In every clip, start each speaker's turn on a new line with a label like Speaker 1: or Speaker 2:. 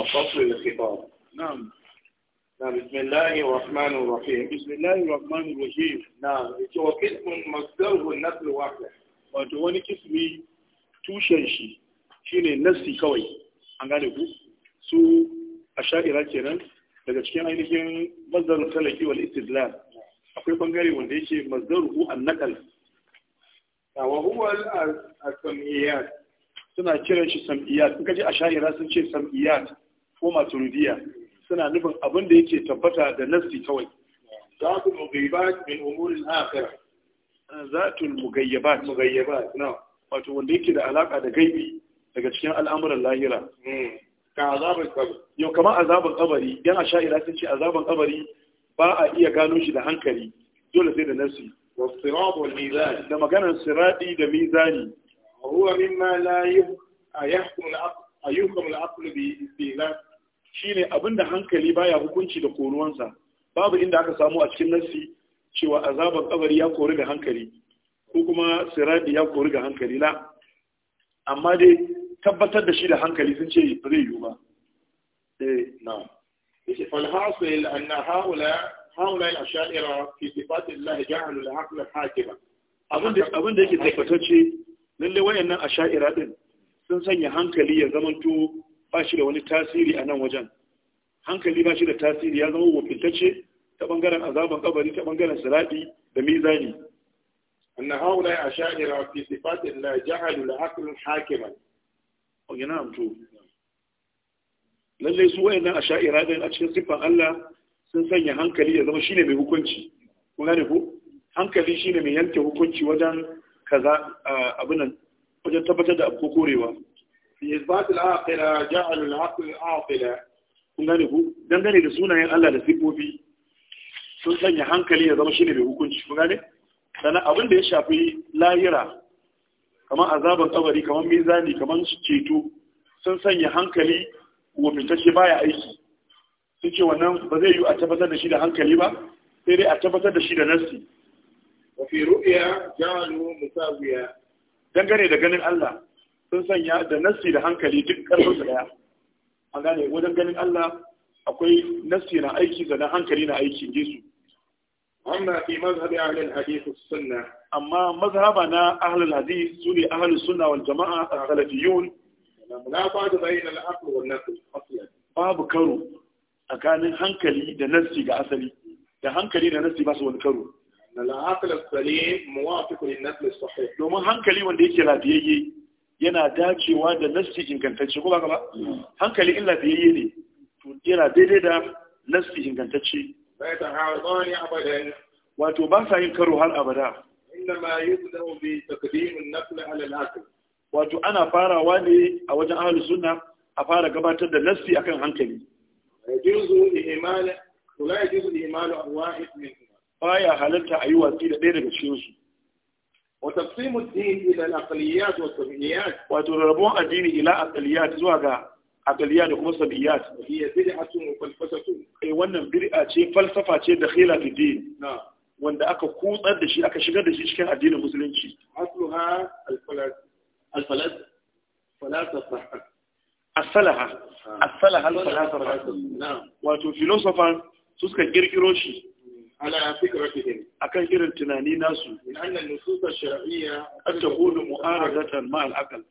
Speaker 1: فصل الخطاب نعم نعم بسم الله الرحمن الرحيم بسم الله الرحمن الرحيم نعم هو قسم مصدره النسل واحد wato wani kismi tushen shi shine nasi kawai an gane ku su a sha'ira kenan daga cikin ainihin mazdarin talaki wal istidlal akwai bangare wanda yake mazdaruhu an nakal wa huwa al samiyat suna kiran shi samiyat in kaji asha'ira sun ce samiyat ko maturidiya suna nufin abin da yake tabbata da nasti kawai zatul mugayyabat min umuril akhirah ah, zatul mugayyabat mugayyabat na wato wanda yake da alaka da gaibi daga cikin al'amuran lahira hmm. ka azabar kabari yau kamar azabar kabari yan asha'ira sun ce azabar kabari ba a iya gano shi da hankali dole sai da nasi da maganar siradi da mizani Ruwa mimma la yuhkum al-aql bi istilah shine abinda hankali baya hukunci da koruwansa babu inda aka samu a cikin nassi cewa azabar kabari ya kori ga hankali ko kuma siradi ya kori ga hankali la amma dai tabbatar da shi da hankali sun ce zai yiwu ba eh na yace fal hasil anna haula haula al-ash'ira fi sifati Allah ja'alu al-aql hakima abinda da abin da yake tabbatacce lalle wayannan ashaira din sun sanya hankali ya zamanto ba shi da wani tasiri a nan wajen hankali ba shi da tasiri ya zama wakiltacce ta bangaren azaban kabari ta bangaren siradi da mizani anna haula asha'ira fi sifatin la ja'alu la aql hakiman o yana amto lalle su wayannan asha'ira da a cikin sifan Allah sun sanya hankali ya zama shine mai hukunci kun gane ko hankali shine mai yanke hukunci wajen kaza abin nan wajen tabbatar da abu ko korewa fi isbatul aqila ja'alul aqil aqila kun gane ku dangane da sunayen Allah da sifofi sun sanya hankali ya zama shi ne mai hukunci kun gane sannan abin da ya shafi lahira kamar azabar kabari kamar mizani kamar ceto sun sanya hankali wa fitacce baya aiki sun ce wannan ba zai yi a tabbatar da shi da hankali ba sai dai a tabbatar da shi da nassi wa fi ru'ya ja'alu musawiya dangane da ganin Allah sun sanya da nassi da hankali duk karfin su daya an gane wajen ganin Allah akwai nassi na aiki da hankali na aiki Yesu amma fi mazhabi ahlul hadith sunna amma mazhaba na ahlul hadith sune ahlus sunna wal jamaa as-salafiyun la fa'd bayna al-aql wal naql babu karo tsakanin hankali da nassi ga asali da hankali da nassi ba su wani karo na al da as-salim muwafiq lin-naql as-sahih domin hankali wanda yake lafiyayye yana dacewa da nasti ingantacce ko ba ka ba hankali illa da yayi ne to yana daidai da nasti ingantacce wato ba sa yin karo har abada إنما يبدأ بتقديم النقل على العقل wato ana farawa ne a wajen ahli sunna a fara gabatar da nassi akan hankali baya halatta a yi watsi da ɗaya daga cikin وتقسيم الدين إلى الأقليات والسبعيات وتربون الدين إلى أقليات زوجة kuma وكما سبعيات هي بدعة وفلسفة أي eh, wannan بدعة ce falsafa ce da في الدين نعم wanda aka kutsar da shi aka shigar da shi cikin addinin musulunci asluha al-falas falasafa as-salaha as-salaha al-falasafa wato filosofan su suka kirkiro shi akan irin tunani nasu in anna nusus ash-shar'iyya qad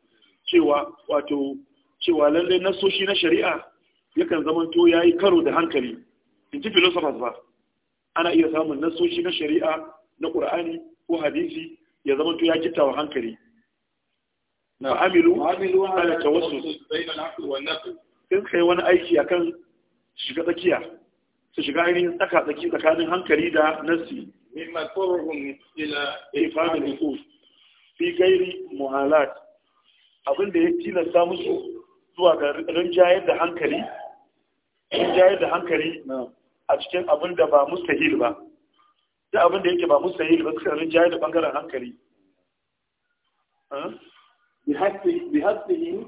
Speaker 1: cewa wato cewa na shari'a yakan zaman to yayi karo da hankali in ji philosophers ba ana iya samun nasoshi na shari'a na qur'ani ko hadisi ya zaman to ya kittawa hankali na amilu amilu ala tawassus kai wani aiki akan shiga tsakiya su shiga ainihin tsaka tsaki tsakanin hankali da nasi mimma turhum ila ifad eh, al-uqul fi ghairi muhalat abin da ya tilasta musu zuwa ga rinjayar da hankali rinjayar da hankali a cikin abin da ba mustahil ba da abin da yake ba mustahil ba suka rinjayar da bangaren hankali bi hatsihi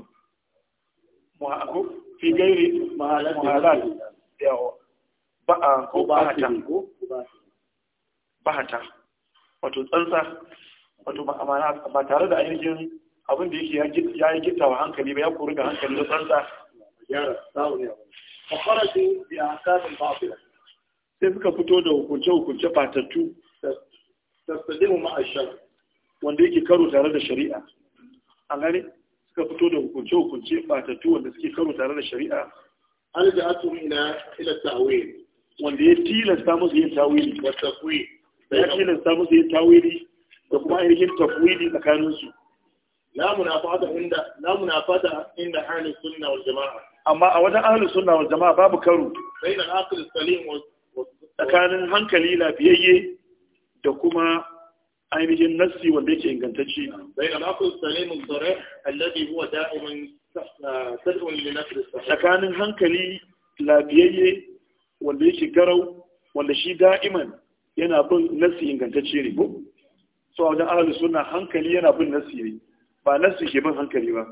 Speaker 1: fi gairi muhalat yawa ba'a ko bahata bahata wato tsantsa wato ba tare da ainihin abin da yake ya yi gita wa hankali ba ya kori da hankali da tsantsa sai suka fito da hukunce-hukunce fatattu wanda yake karo tare da shari'a a gani suka fito da hukunce-hukunce fatattu wanda suke karo tare da shari'a an da atu ila ila ta'awil wanda ya tilasta musu yin tawili da ya tilasta musu yin tawili da kuma ainihin tafwili tsakanin su la munafata inda la munafata sunna wal jamaa amma a wajen ahalin sunna wal jamaa babu karo bainal aql salim tsakanin hankali lafiyayye da kuma ainihin nassi wanda yake ingantacce bainal aql salim al darih alladhi huwa da'iman tad'u ah, li nasr tsakanin hankali lafiyayye wanda yake garau wanda shi da'iman yana bin nasi ingantacce ne ko so a wajen ahlus suna hankali yana bin nasi ne ba nasi ke bin hankali ba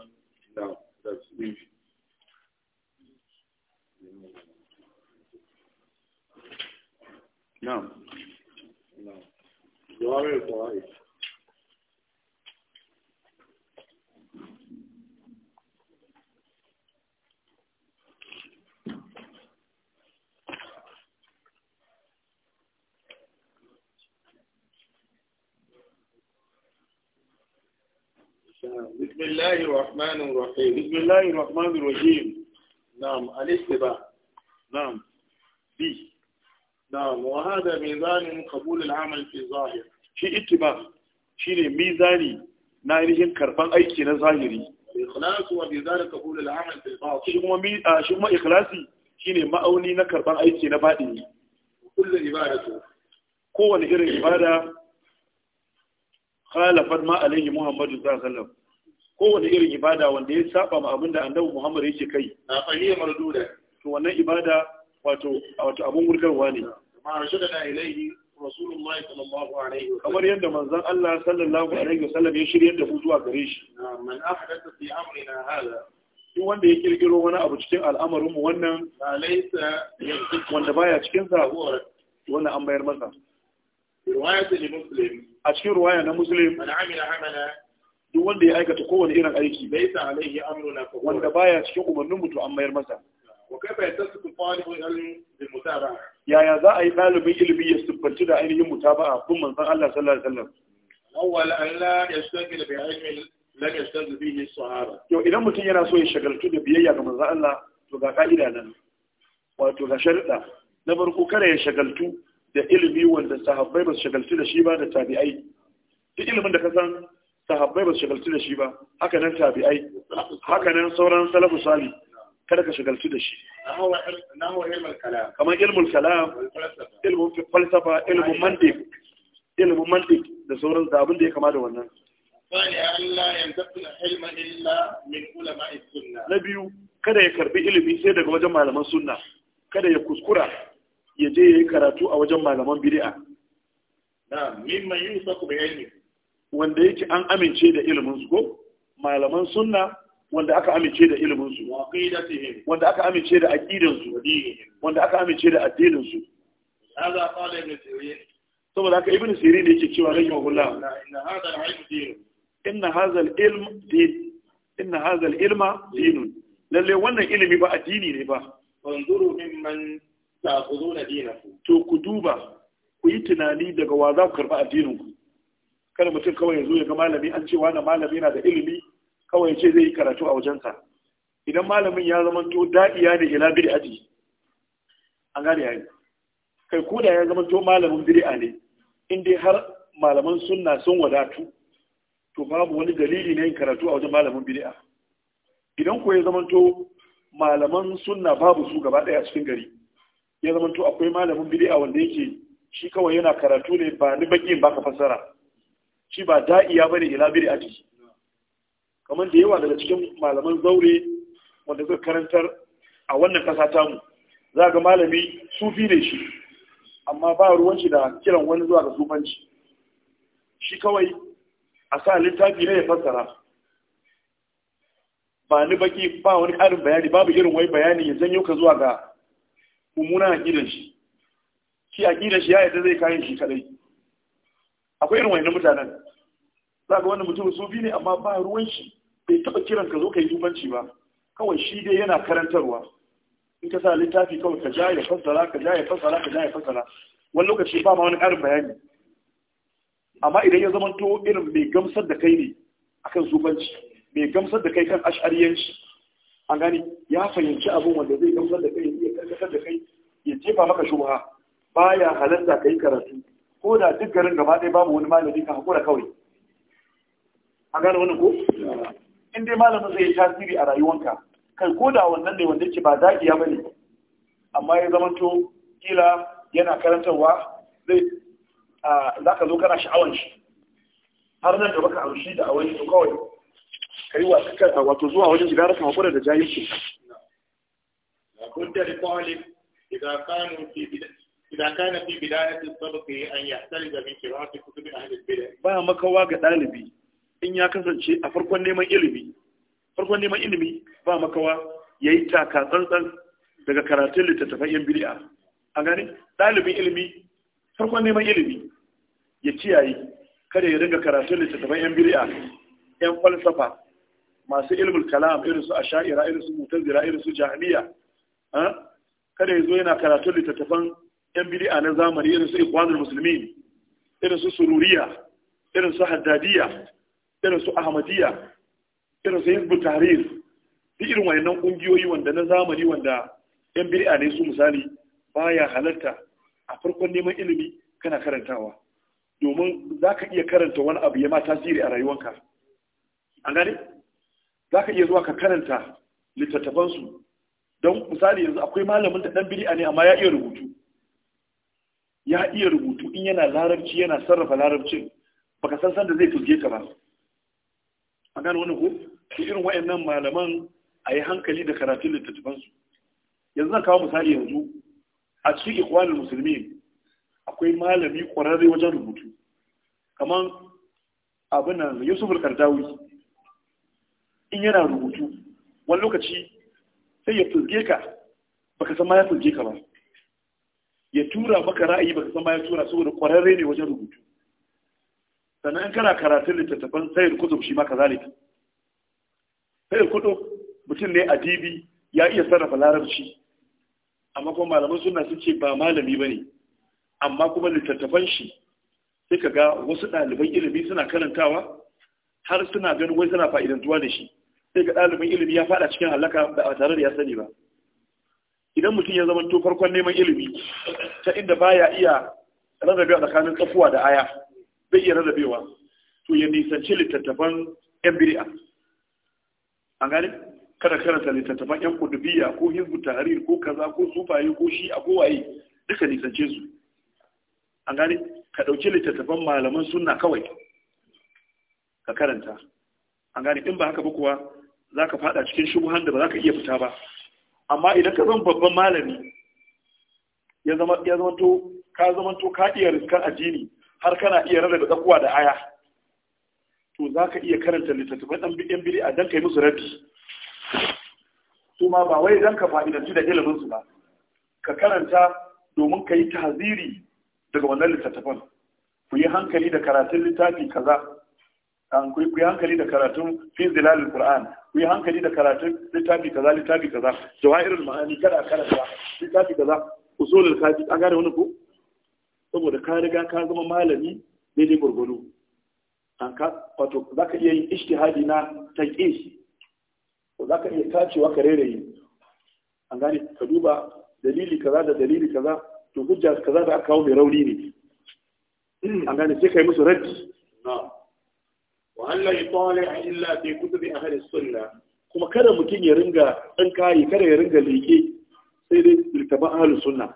Speaker 1: na'am na'am بسم الله الرحمن الرحيم بسم الله الرحمن الرحيم نعم الاتباع نعم بي نعم وهذا ميزان قبول العمل في الظاهر في اتباع شيء ميزاني نايرين كربان ايكي نظاهري الإخلاص وميزان قبول العمل في الباطن شو ما مي شو ما إخلاصي شيء ما أولي نكربان ايكي نبادي كل عبادته kowane irin ibada kala fadma alaihi muhammadu sallallahu alaihi wasallam kowane irin ibada wanda ya saba ma abinda annabi muhammad yake kai na fahiyya marduda to wannan ibada wato wato abun gurgarwa ne ma da ilahi rasulullahi sallallahu alaihi wasallam kamar yadda manzon Allah sallallahu alaihi wasallam ya shiryar da mu zuwa gare shi man ahdatha fi amrina hada duk wanda ya kirkiro wani abu cikin al'amarinmu wannan wanda baya cikin sa wannan an bayar masa riwayat muslim a cikin ruwaya na muslim
Speaker 2: duk wanda ya aikata kowane irin aiki
Speaker 1: bai sa alaihi amruna fa wanda baya cikin umarnin mutu an mayar masa wa kaifa yatasifu talibul ilmi bil mutaba'a yaya za a yi dalibin ilimi ya siffanci da ainihin a kun manzon Allah sallallahu alaihi wasallam awwal an la yashtagil bi ilmi lam yashtagil bihi sahaba yau idan mutum yana so ya shagaltu da biyayya ga manzon Allah to ga ka'ida nan wato ga sharuɗa na farko kada ya shagaltu da ilimi wanda sahabbai ba su shagaltu da shi ba da tabi'ai duk ilimin da ka san sahabbai ba su shagaltu da shi ba haka nan tabi'ai haka nan sauran salafu sali kada ka shagaltu da shi kamar ilmul kalam ilimin falsafa ilimin mantiq ilimin mantiq da sauran zabin da ya kama da wannan na biyu kada ya karbi ilimi sai daga wajen malaman sunna kada ya kuskura ya je ya yi karatu a wajen malaman bid'a na mimman yi saku bayani wanda yake an amince da ilimin su ko malaman sunna wanda aka amince da ilimin su wanda aka amince da aqidan su wanda aka amince da addinin su hada qala ibn sirin saboda haka ibn sirin yake cewa rahimahullah inna hadha al-ilm din inna hadha ilm din inna hadha ilma dinun lalle wannan ilimi ba addini ne ba fanzuru mimman ta'khuduna dinakum to ku duba ku yi tunani daga wa za ku karba addinin ku kada mutum kawai ya zo ya ga malami an ce wani malami yana da ilimi kawai ya ce zai yi karatu a wajensa idan malamin ya zama to da'iya ne ila aji, an gane yayi kai ko da ya zama to malamin bid'a ne in dai har malaman sunna sun wadatu to babu wani dalili na yin karatu a wajen malamin bid'a idan ko ya zama to malaman sunna babu su gaba daya cikin gari ya zama to akwai malamin bid'a wanda yake shi kawai yana karatu ne ba ni bakin baka fasara shi ba da'iya bane ila bid'a ce kamar da yawa daga cikin malaman zaure wanda suka karantar a wannan kasa mu za ga malami sufi ne shi amma ba ruwan da kiran wani zuwa ga sufanci shi kawai a sa littafi ne ya fasara. ba ni baki ba wani ƙarin bayani babu irin wai bayani ya janyo ka zuwa ga a aƙidar shi shi a aƙidar shi ya yadda zai kayan shi kadai akwai irin wani mutanen za ga wani mutum sufi ne amma ba ruwan shi bai taɓa kiran ka zo ka yi dubanci ba kawai shi dai yana karantarwa in ka sa littafi kawai ka ja ya fassara ka ja ya fassara ka ja ya fassara wani lokaci ba ma wani ƙarin bayani amma idan ya zama to irin mai gamsar da kai ne akan zubanci, mai gamsar da kai kan ash'ariyanci an gani ya fahimci abin wanda zai gamsar da kai ne. shagaltar da kai ya jefa maka shubha baya halarta kai karatu ko da duk garin gaba ɗaya babu wani malami ka hakura kawai a gane wani ko in dai malamin zai yi tasiri a rayuwanka kai ko da wannan ne wanda yake ba daɗiya ya ne amma ya zama to kila yana karantarwa zai za ka zo kana sha'awar shi har nan da baka amshi da awai to kawai kai wa wato zuwa wajen shiga rasa hakura da jahilci بد لطالب إذا كانوا في بداية إذا da في بداية السبق أن يحترز من قراءة كتب أهل البدع. makawa ga ɗalibi in ya kasance a farkon neman ilimi farkon neman ilimi ba makawa ya yi taka tsantsan daga karatun littattafan yan bid'a a gani ɗalibin ilimi farkon neman ilimi ya kiyaye kada ya ringa karatun littattafan yan bid'a yan falsafa masu ilimin kalam irin su sha'ira, irin su mutazila irin su jahmiya kada ya zo yana karatun littattafan yan bid'a na zamani irin su ikwanul musulmi irin su sururiya irin su haddadiya irin su ahmadiyya irin su hizbut tahrir duk irin wayannan kungiyoyi wanda na zamani wanda yan a ne su misali baya halarta a farkon neman ilimi kana karantawa domin za ka iya karanta wani abu ya ma tasiri a rayuwanka an gane za ka iya zuwa ka karanta littattafansu don misali yanzu akwai malamin da dan bid'a ne amma ya iya rubutu ya iya rubutu in yana larabci yana sarrafa larabcin baka san san da zai tuge ka ba a gane wani ko su irin wayannan malaman a yi hankali da karatun littattafansu yanzu zan kawo misali yanzu a cikin ikwanin musulmi akwai malami ƙwararre wajen rubutu kamar abin nan yusuf al in yana rubutu wani lokaci sai ya turge ka baka san ma ya turge ka ba ya tura maka ra'ayi baka san ma ya tura saboda kwararre ne wajen rubutu sannan kana karatun littattafan sayar kudu shi ma kazalika sayar kudu mutum ne a dibi ya iya sarrafa larabci amma kuma malaman suna sun ce ba malami ba ne amma kuma littattafan shi sai ka ga wasu ɗaliban ilimi suna karantawa har suna ganin wai suna fa'idantuwa da shi sai ga ɗalibin ilimi ya faɗa cikin halaka ba tare da ya sani ba idan mutum ya zama to farkon neman ilimi ta inda ba ya iya rarrabewa tsakanin tsakuwa da aya bai iya rarrabewa to ya nisanci littattafan yan biri'a an gani kada karanta littattafan yan kudubiya ko hizbu tahrir ko kaza ko sufaye ko shi a ko waye duka nisance su an gani ka ɗauki littattafan malaman sunna kawai ka karanta an gani in ba haka ba kuwa za ka fada cikin shubuhan da ba za ka iya fita ba amma idan ka zama babban malami ya zama to ka zama to ka iya riskar addini har kana iya da tsakuwa da aya to za ka iya karanta littattafan ɗan yan biri a dan kai musu rabi kuma ba wai dan ka fa'idanci da iliminsu ba ka karanta domin ka yi haziri daga wannan littattafan ku yi hankali da karatun littafi kaza an ku yi hankali da karatun fi zilalul qur'an ku yi hankali da karatun littafi kaza littafi kaza jawahirul ma'ani kada karanta littafi kaza usulul kafi an gane wani ko saboda ka riga ka zama malami daidai gurgudu an ka wato zaka iya yin ishtihadi na tanqis ko zaka iya tacewa ka yi. an gane ka duba dalili kaza da dalili kaza to hujja kaza da aka kawo mai rauni ne an gane sai kai musu raddi na'am wa Allah ya tsawale a illa fi kutubi ahli sunna kuma kada mutum ya ringa dan kayi kada ya ringa leke sai dai littafin ahli sunna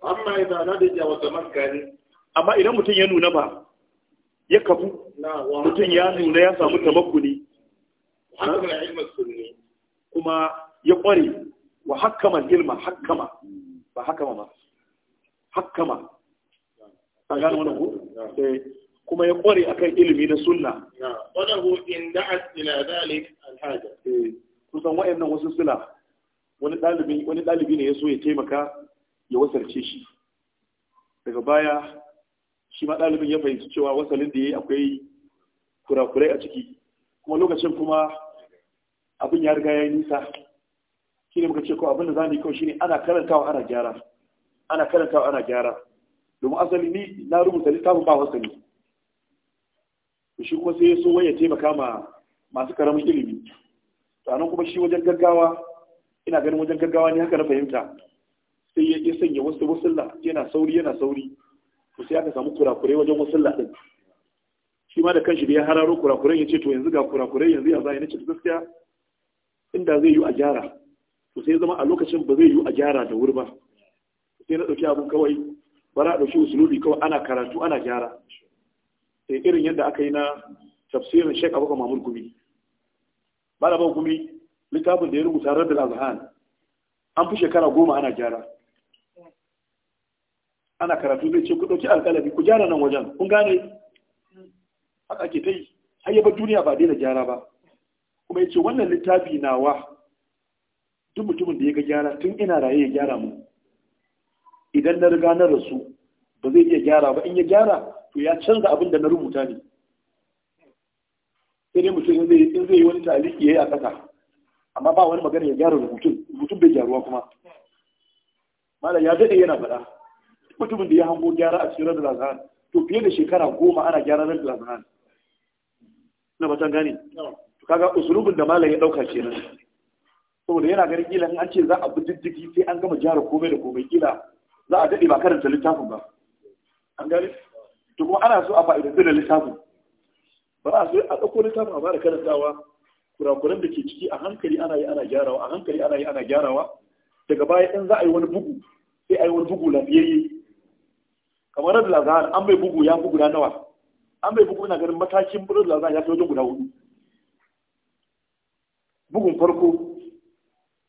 Speaker 1: amma idan na da jawa tamakkani amma idan mutum ya nuna ba ya kafu mutum ya nuna ya samu tamakkuni kuma ya kware wa hakkama ilma hakkama ba hakkama ba hakkama a gano wani ku kuma ya kware akan ilimi da sunna wadahu in da'at ila zalik alhaja eh, kusan wayannan wasu sila wani dalibi wani dalibi ne ya taimaka ya wasarce shi daga baya shi ma dalibin ya fahimci cewa wasalin da yayi akwai kurakurai a ciki kuma lokacin kuma abin ya riga ya nisa shi ne muka ce ko abin da za yi kawai shine ana karantawa ana gyara ana karantawa ana gyara domin asali ni na rubuta littafin ba wasali to shi kuma sai ya so wai ya taimaka ma masu karamin ilimi to kuma shi wajen gaggawa ina ganin wajen gaggawa ne haka na fahimta sai ya sanya wasu wasulla yana sauri yana sauri to sai aka samu kurakurai wajen wasulla din shi ma da kanshi da ya hararo kurakurai ya ce to yanzu ga kurakurai yanzu ya zai nace gaskiya inda zai yi a gyara to sai zama a lokacin ba zai yi a gyara da wuri ba sai na ɗauki abun kawai bara a ɗauki usulubi kawai ana karatu ana gyara Eh, irin yadda aka yi na tafsirin Sheikh Abubakar Mahmud Gumi Malaman Gumi littafin da ya rubuta Rabbul Azhan an fi shekara goma ana gyara ana karatu zai ce ku ɗauki alƙalami ku gyara nan wajen kun gane haka ake ta yi har yaba duniya ba daina gyara ba kuma ya ce wannan littafi nawa duk mutumin da ya ga gyara tun ina raye ya gyara mu idan na riga na rasu ba zai iya gyara ba in ya gyara to ya canza abin da na rubuta ne sai dai mutum in zai yi wani taliki yayi a ƙasa amma ba wani magana ya gyara rubutun rubutun bai gyaruwa kuma malam ya daɗe yana faɗa mutumin da ya hango gyara a cikin radar azhar to fiye da shekara goma ana gyara radar azhar na batan gane to kaga usulubin da malam ya ɗauka kenan saboda yana ganin kila an ce za a bi diddigi sai an gama gyara komai da komai kila za a daɗe ba karanta littafin ba an gane to ana so a fa'idantu da littafin ba a so a ɗauko littafin a ba da karantawa kurakuran da ke ciki a hankali ana yi ana gyarawa a hankali ana yi ana gyarawa daga baya in za a yi wani bugu sai a yi wani bugu lafiyayye kamar da lazahar an bai bugu ya bugu na nawa an bai bugu na ganin matakin bugu da ya fi wajen guda hudu bugun farko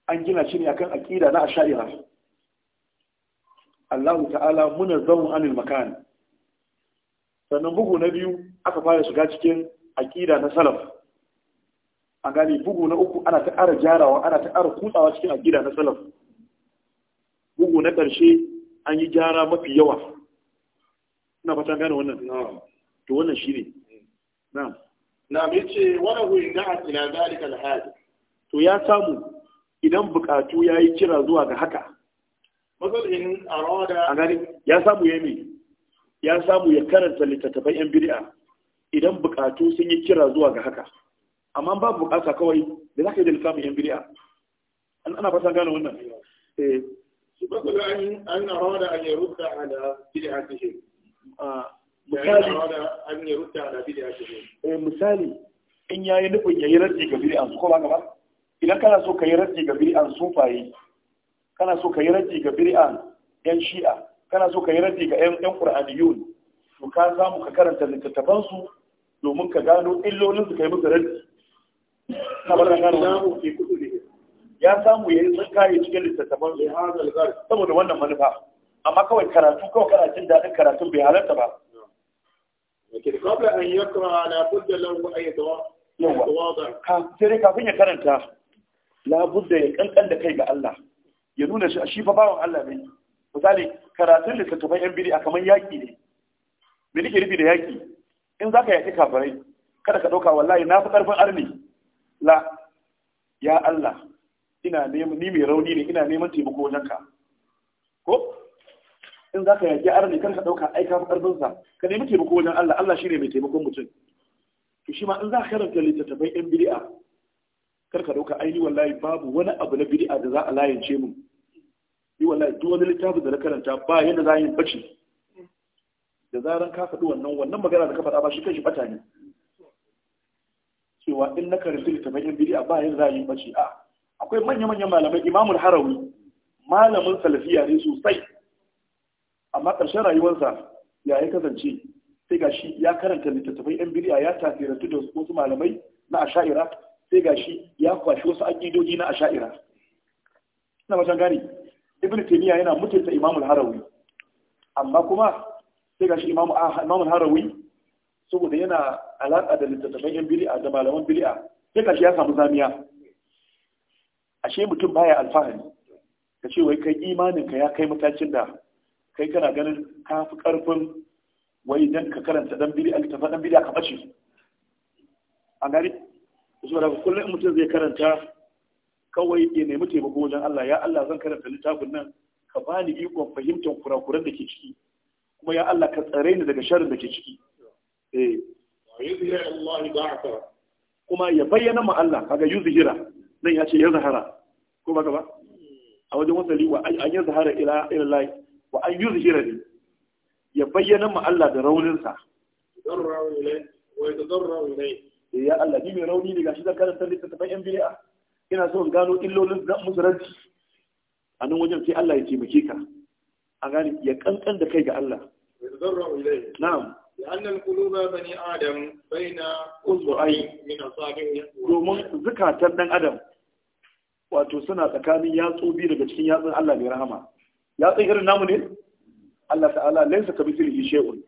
Speaker 1: an gina shi ne akan aƙida na asha'ira Allah ta'ala muna zaun anil makani sannan bugu na biyu aka fara shiga cikin aƙida na salaf a gani bugu na uku ana ta ƙara jarawa ana ta ƙara kutsawa cikin aƙida na salaf bugu na ƙarshe an yi gyara mafi yawa ina fata gane wannan to wannan shi ne na na mai ce wani hui na a ila zalika alhaji to ya samu idan bukatu ya yi kira zuwa ga haka a gani ya samu ya yi ya samu ya karanta littattafai yan bid'a idan bukatu sun yi kira zuwa ga haka amma ba bukata kawai da za ka yi da littafin yan bid'a ana fasa gane wannan eh. ah, eh, misali in ya yi nufin ya yi raddi ga biri su ko ba gaba idan kana so ka yi raddi ga biri sufaye kana so ka yi raddi ga biri yan shi'a kana so ka yi raddi ga 'yan ƙur'aniyun to ka samu ka karanta littattafansu domin ka gano illolin su ka yi musu raddi na gano ya samu ya yi tsinka ya cikin littattafansu saboda wannan manufa amma kawai karatu kawai karatun daɗin karatun bai halarta ba sai kafin ya karanta labudda ya kankan da kai ga Allah ya nuna shi fa bawan Allah ne misali karatun littattafan yan biri a kamar yaƙi ne me nake nufi da yaƙi in za ka yaƙi kafirai kada ka ɗauka wallahi na fi ƙarfin arni la ya Allah ina neman ni mai rauni ne ina neman taimako wajen ka ko in za ka yaƙi arni kada ka ɗauka ai ka fi ƙarfin sa ka nemi taimako wajen Allah Allah shine mai taimakon mutum to shi ma in za ka karanta littattafan yan bid'a kar ka ɗauka aini wallahi babu wani abu na bid'a da za a layance mu Yi wallahi duk wani littafi da na karanta ba yadda za yi bacci. da zaran ka faɗi wannan wannan magana da ka faɗa ba shi shi bata ne cewa in na karanta littafin yan bidiya ba yadda za yi bacci. a akwai manya-manyan malamai imamul harawi malamin salafiya ne sosai amma ƙarshen rayuwarsa ya yi kasance sai ga shi ya karanta littattafai yan bidiya ya tasirantu da wasu malamai na asha'ira sai ga shi ya kwashi wasu aƙidoji na asha'ira ina matan gani. ibn taymiya yana mutunta imam al-harawi amma kuma sai gashi imam ah, imam al-harawi saboda yana alaka da littattafan yan bid'a da malaman bid'a sai gashi ya samu zamiya ashe mutum baya alfahari ka ce wai kai imanin ka ya kai matakin da kai kana ganin ka fi karfin wai dan ka karanta dan bid'a littattafan dan bid'a ka bace an gari saboda kullum mutum zai karanta kawai ya nemi taimako wajen Allah ya Allah zan karanta littafin nan ka bani ikon fahimtar kurakuran da ke ciki kuma ya Allah ka tsare ni daga sharrin da ke ciki eh kuma ya bayyana ma Allah kaga yuzhira nan ya ce ya zahara ko ba ba hmm. a wajen wasali wa an ya zahara ila ila lai wa an yuzhira ni ya bayyana ma Allah da raunin sa eh, ya Allah ni mai rauni ne gashi zan karanta littafin yan bid'a ina son gano illolin da musulunci a nan wajen sai Allah ya taimake ka a gani ya kankan da kai ga Allah na'am لأن القلوب بني آدم بين أصبعين من أصابعه domin zukatan dan adam wato suna tsakanin yatsu biyu daga cikin yatsun Allah mai rahama yatsun irin namu ne Allah ta'ala laysa kamithlihi shay'un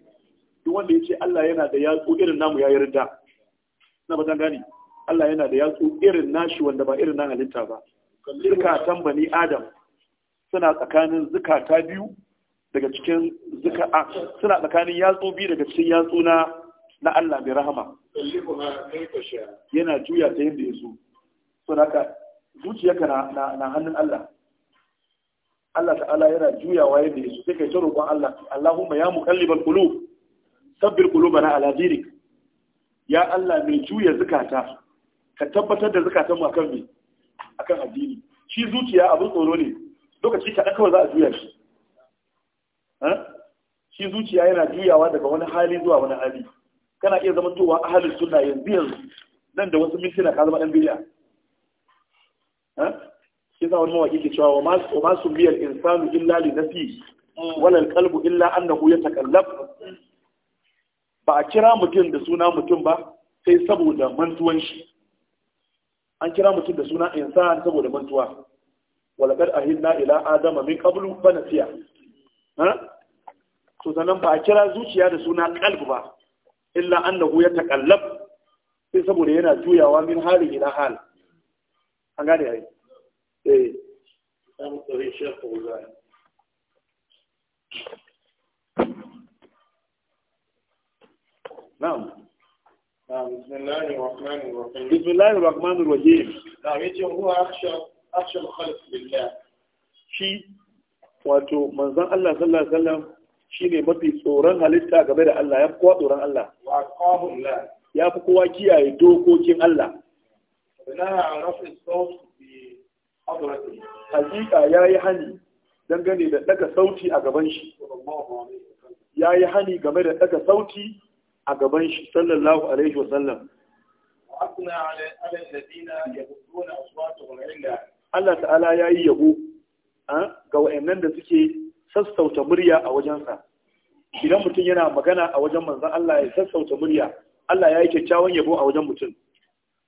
Speaker 1: duk wanda yace Allah yana da yatsu irin namu ya yarda na bazan gani Allah yana da yatsu irin nashi wanda ba irin na halitta ba zukatan bani adam suna tsakanin zukata biyu daga cikin zuka suna tsakanin yatsu biyu daga cikin yatsu na na Allah mai rahama yana juya ta yadda ya so so haka zuciyarka na na hannun Allah Allah ta'ala yana juyawa yadda ya so sai kai ta roƙon Allah Allahumma ya muqallibal qulub sabbir qulubana ala dinik ya Allah mai juya zukata ka tabbatar da zakatan mu akan me akan addini shi zuciya abin tsoro ne lokaci kaɗan kawai za a juya shi shi zuciya yana juyawa daga wani hali zuwa wani hali kana iya zama towa halin sunna yanzu yanzu nan da wasu mintuna ka zama ɗan bidiya shi sa wani mawaƙi ke cewa wa masu biyar insanu illa li nafi walal qalbu illa annahu yatakallaf ba a kira mutum da suna mutum ba sai saboda mantuwan shi an kira mutum da suna insan saboda mantuwa walakar ahinna ila adama min qablu fa nasiya ha to sanan ba a kira zuciya da suna qalb ba illa annahu takallab sai saboda yana juyawa min hali ila hal an gane ai eh samu tsari na'am بسم الله الرحمن الرحيم بسم الله الرحمن الرحيم نعم يجي هو أخشى أخشى الخلق لله wato manzon Allah sallallahu alaihi wasallam mafi tsoron halitta game da Allah ya fi kowa tsoron Allah ya fi kowa kiyaye dokokin Allah hakika ya yi hani dangane da daga sauti a gaban shi ya yi hani game da daga sauti a gaban shi sallallahu alaihi wasallam Allah ta'ala ya yi yabo ga wa'annan da suke sassauta murya a wajensa idan mutum yana magana a wajen manzan Allah ya sassauta murya Allah ya yi kyakkyawan yabo a wajen mutum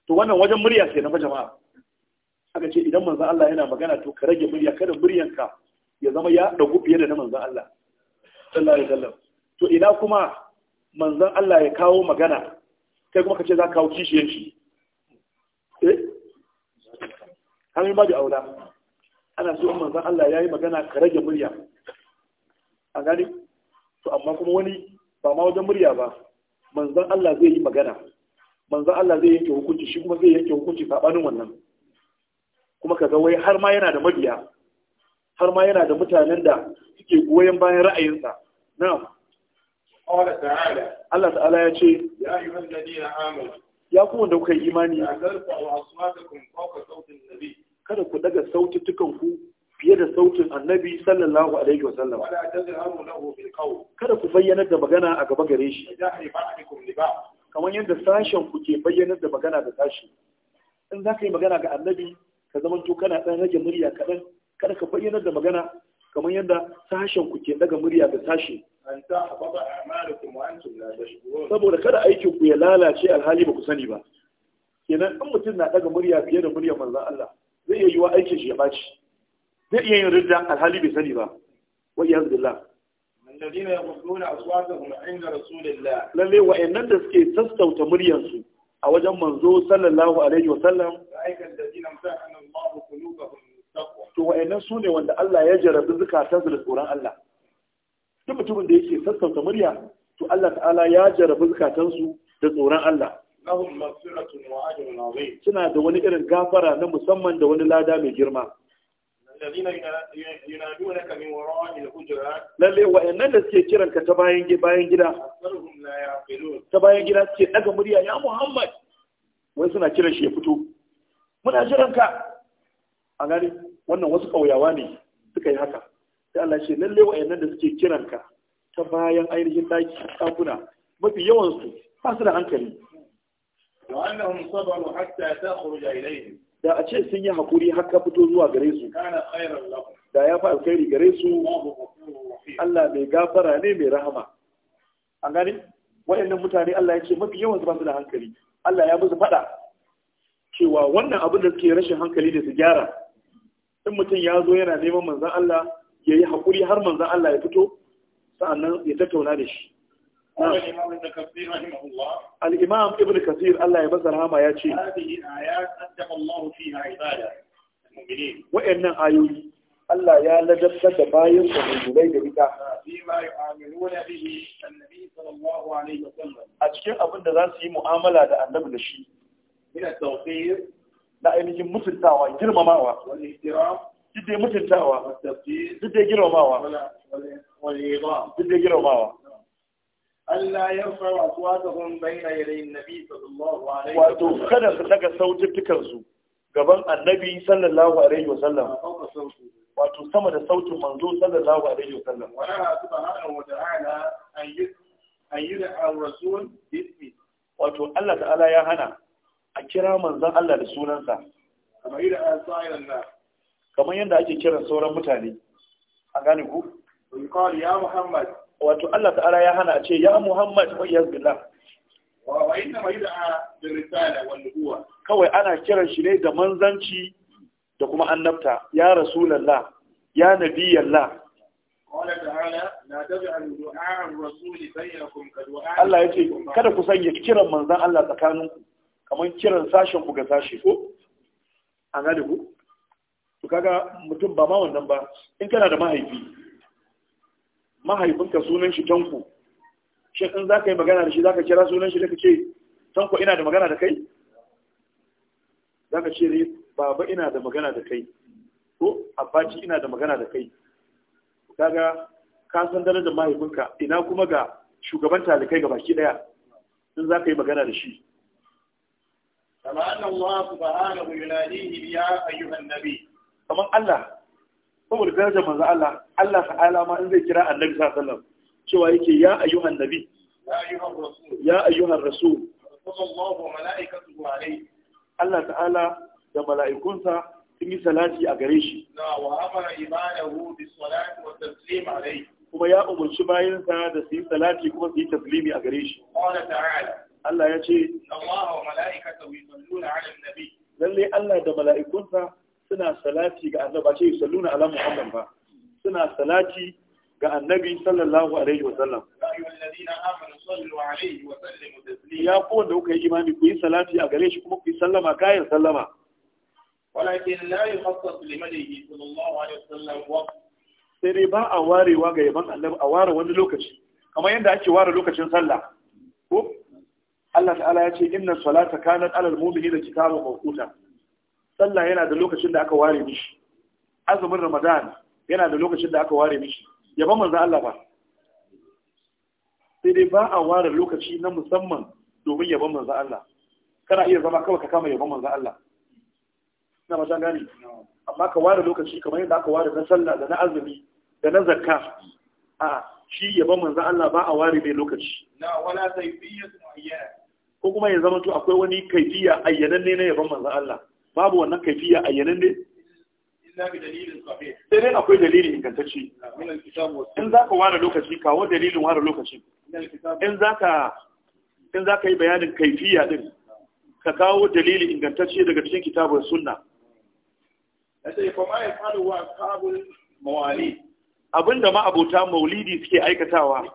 Speaker 1: to wannan wajen murya sai na jama'a aka ce idan manzan Allah yana magana to ka rage murya kada muryanka ya zama ya dagu fiye da na manzan Allah sallallahu alaihi wasallam to ina kuma Manzan Allah ya kawo magana kai kuma ka ce za ka kawo kishiyar shi eh hannun ba da aula ana so in manzan Allah ya yi magana ka rage murya a gani to amma kuma wani ba ma wajen murya ba manzan Allah zai yi magana manzan Allah zai yanke hukunci shi kuma zai yanke hukunci saɓanin wannan kuma ga wai har ma yana da mabiya har ma yana da mutanen da suke goyon bayan ra'ayinsa na'am Allah ta'ala ya ce ya kuma da kuka yi imani kada ku daga sautin tukanku fiye da sautin annabi sallallahu alaihi wa sallam kada ku bayyana da magana a gaba gare shi kamar yadda sashen ku ke bayyana da magana da sashi in za ka yi magana ga annabi ka zama to kana ɗan rage murya kaɗan kada ka bayyana da magana kamar yadda sashen ku ke daga murya da sashi saboda kada aikin ku ya lalace alhali ba ku sani ba kenan in mutum na daga murya fiye da murya manzon Allah zai iya yiwa aikin shi ya baci zai iya yin ridda alhali bai sani ba wa iyaz billah alladhina yaghudduna aswatahum 'inda rasulillah lalle wa'annan da suke sassauta muryar su a wajen manzo sallallahu alaihi wa sallam Da aikin to wa'annan su ne wanda Allah ya jarabi zukatansu da tsoron Allah duk mutumin da yake sassauta murya to Allah ta'ala ya jarabi zakatansu da tsoron Allah suna da wani irin gafara na musamman da wani lada mai girma lalle wa wa'annan da suke kiran ka ta bayan gida ta bayan gida suke daga murya ya Muhammad wai suna kiran shi ya fito muna jiran ka a gani wannan wasu kauyawa ne suka yi haka sai Allah ce lalle wayannan da suke kiran ka, ta bayan ainihin daki ɗakuna mafi yawan su ba su da hankali wa annahum sabaru hatta takhruj ilayhim da a ce sun yi hakuri har ka fito zuwa gare su kana khairan lahum da ya fa alkhairi gare su Allah mai gafara ne mai rahama an gane wayannan mutane Allah ya ce mafi yawan su ba su da hankali Allah ya musu fada cewa wannan abin da suke rashin hankali da su gyara in mutum ya zo yana neman manzan Allah ya yi haƙuri har manzan Allah ya fito sa'annan ya tattauna da shi al'imam ibn kasir Allah ya basar rama ya ce wayannan ayoyi Allah ya ladabtar da bayan da musulai da rika. a cikin abin da za su yi mu'amala da annabi da shi da ainihin mutuntawa girmamawa duk mutuntawa duk dai girmamawa duk dai girmamawa Allah ya fara aswatuhum bayna yaday nabi sallallahu alaihi wasallam wato kada su daga sautukan su gaban annabi sallallahu alaihi wasallam wato sama da sautin manzo sallallahu alaihi wasallam wa la subhanahu wa ta'ala rasul bismi wato Allah ta'ala ya hana a kira manzon Allah da sunansa kamar yadda an kamar yadda ake kiran sauran mutane a gane ku yuqal ya muhammad wato Allah ta'ala ya hana a ce ya muhammad wa iya billah wa inna ma da bil risala wani uwa. kawai ana kiran shi ne da manzanci da kuma annabta ya lalla ya nabiyallah Allah ya ce, Kada ku sanya kiran manzan Allah tsakaninku, kamar kiran sashen ku ga sashe ko? An gane ku? to kaga mutum ba ma wannan ba in kana da mahaifi mahaifinka sunan shi tanko shin in za ka yi magana da shi za ka kira sunan shi da kace tanko ina da magana da kai ka ce ne eh, baba ina da magana da kai ko abaci ina da magana da kai kaga ka san darajar mahaifinka ina kuma ga shugaban talikai ga baki daya in za ka yi magana da shi kama annan Allah subhanahu yunadihi ya ayyuhan nabi kamar Allah saboda darajar manzo Allah Allah ta'ala ma in zai kira annabi sallallahu alaihi wasallam cewa yake ya ayyuhan nabi ya ayyuhan rasul Allah ta'ala da mala'ikunsa sun yi salati a gare shi Na kuma ya umarci bayansa da su yi salati kuma su yi taslimi a gare shi Allah ya ce Allah wa mala'ikatahu yusalluna 'ala an-nabi lalle Allah da mala'ikunsa suna salati ga annabi ba ce yusalluna ala muhammad ba suna salati ga annabi sallallahu alaihi wa sallam ya ko da kuka yi imani ku yi salati a gare shi kuma ku yi sallama kayan sallama walakin la yukhassas limanihi sallallahu alaihi wa sallam waqt sai dai ba a warewa ga yaban annabi a ware wani lokaci kamar yadda ake ware lokacin sallah ko Allah ta'ala ya ce inna salata kanat alal mu'minina kitaban mawquta sallah yana da lokacin da aka ware mishi azumin ramadan yana da lokacin da aka ware mishi yaba manzo Allah ba sai dai ba a ware lokaci na musamman domin yaban manzo Allah kana iya zama kawai ka kama yaban manzo Allah na matan gani amma ka ware lokaci kamar yadda aka ware na sallah da na azumi da na zakka a shi yaban manzo Allah ba a ware mai lokaci na wala kayfiyatu ayyana ko kuma ya zama to akwai wani kaifiya ne na yaban manzo Allah babu wannan kaifiya a yanan ne sai dai akwai dalilin ingantacce in za ka ware lokaci kawo dalilin ware lokaci in za ka yi bayanin kaifiya din ka kawo dalilin ingantacce daga cikin kitabun sunna abinda ma abota maulidi suke aikatawa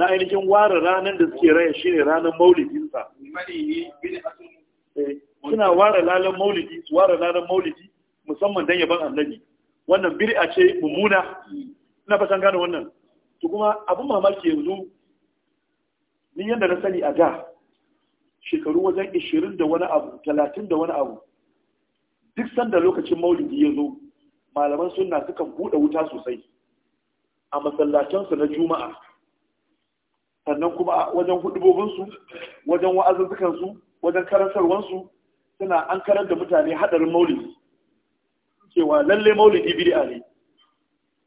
Speaker 1: na ainihin ware ranar da suke raya shi ne ranar maulidinsa eh, suna ware lalan maulidi ware lalar maulidi musamman don yaban annabi wannan bir'a ce mummuna ina fatan gane wannan to kuma abin mamaki yanzu ni yadda na sani a da shekaru wajen 20 da wani abu 30 da wani abu duk sanda lokacin maulidi ya zo malaman suna sukan buɗe wuta sosai a masallacinsu na juma'a sannan kuma wajen hudubobinsu wajen wa'azuzzukansu wajen karantarwansu suna an karar da mutane hadarin maulidi cewa lalle maulidi bid'a ne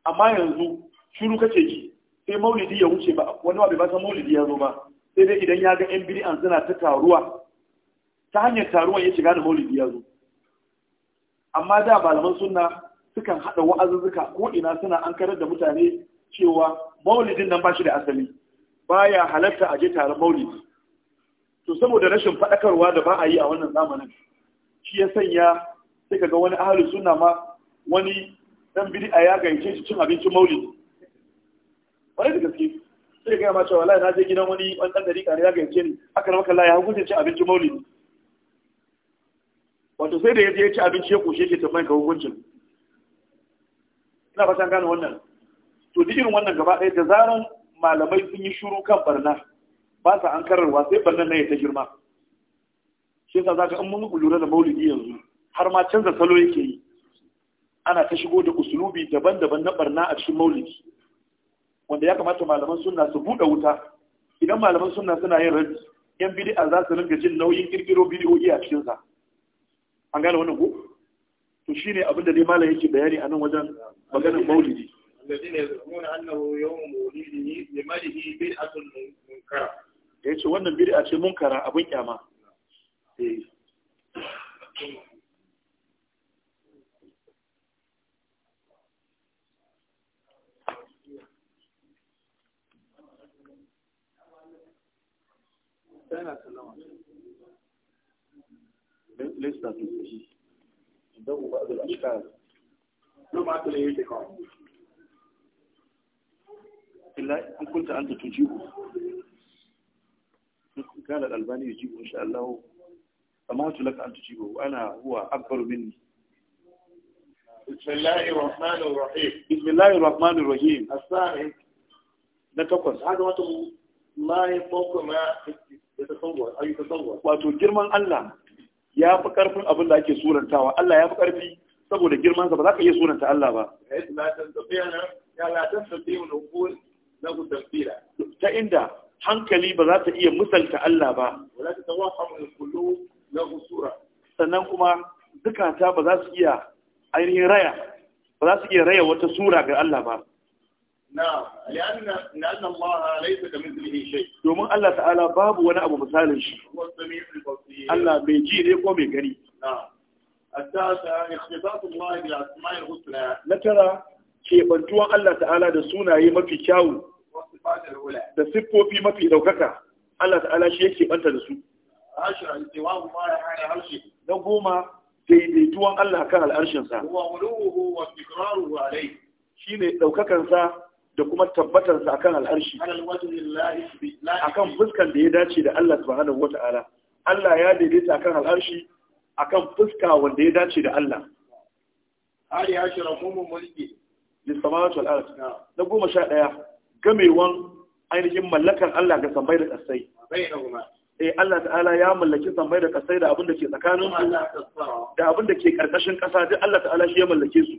Speaker 1: amma yanzu shiru kace ki sai maulidi ya wuce ba wani ba bai ba san maulidi ya zo ba sai dai idan ya ga yan bid'an suna ta taruwa ta hanyar taruwan ya shiga da maulidi ya zo amma da malaman sunna sukan hada wa'azuzzuka ko ina suna an karar da mutane cewa maulidin nan ba shi da asali baya halatta a je taron maulidi to saboda rashin faɗakarwa da ba a yi a wannan zamanin shi ya sanya sai kaga wani ahli sunna ma wani dan a ya gaice shi cin abincin maulidi wani da gaske sai ga ma cewa wallahi na je gidan wani wani dan dariƙa ne ya gaice ni haka na maka ya hukunta cin abincin maulidi wato sai da ya je ci abinci ya kushe ke tambayin ga hukuncin ina fatan gane wannan to duk irin wannan gaba ɗaya da zaran malamai sun yi shuru kan barna ba sa an karrarwa sai barna na ya ta girma shi yasa zaka in mun lura da maulidi yanzu har ma canza salo yake yi ana ta shigo da usulubi daban-daban na barna a cikin maulidi wanda ya kamata malaman sunna su buɗe wuta idan malaman sunna suna yin rabi yan bid'a za su rinka jin nauyin kirkiro bid'o'i a cikin sa an gane wannan ko to shine abin da dai malam yake bayani a nan wajen maganar maulidi ya ce wannan biri a ce mun kara abin kyama Lista tu, tu, tu, tu, tu, tu, tu, tu, tu, tu, tu, tu, tu, tu, in kunta an tuji ku kana dalbani yaji ku insha Allah amma to laka an tuji ku ana huwa akbar minni bismillahir rahmanir rahim bismillahir rahmanir rahim as-sa'i da takwas hada wato ma ya boko ma da tasawwur ayu tasawwur wato girman Allah ya fi karfin abin da ake surantawa Allah ya fi karfi saboda girman ba za ka iya surantar Allah ba la tantafiya na ya la tantafiya na lahu tafsira ta inda hankali ba za ta iya misalta Allah ba wala ta tawahamu al sura sannan kuma zukata ba za su iya ainihin raya ba za su iya raya wata sura ga Allah ba domin Allah ta'ala babu wani abu misalin shi Allah bai ji ne ko mai gani na Allah ta'ala da sunaye mafi kyawu da siffofi mafi daukaka Allah ta'ala shi yake banta da su na goma daidaituwan Allah kan al'arshinsa shi ne ɗaukakansa da kuma tabbatarsa a kan al'arshi a kan fuskan da ya dace da Allah subhanahu wa ta'ala Allah ya daidaita a kan al'arshi a kan fuska wanda ya dace da Allah Ari ya shirin mulki na goma sha ɗaya gamewan ainihin mallakar Allah ga sambai da kasai eh Allah ta'ala ya mallaki sambai da kasai da abin da ke tsakanin su da abin da ke karkashin kasa duk Allah ta'ala shi ya mallake su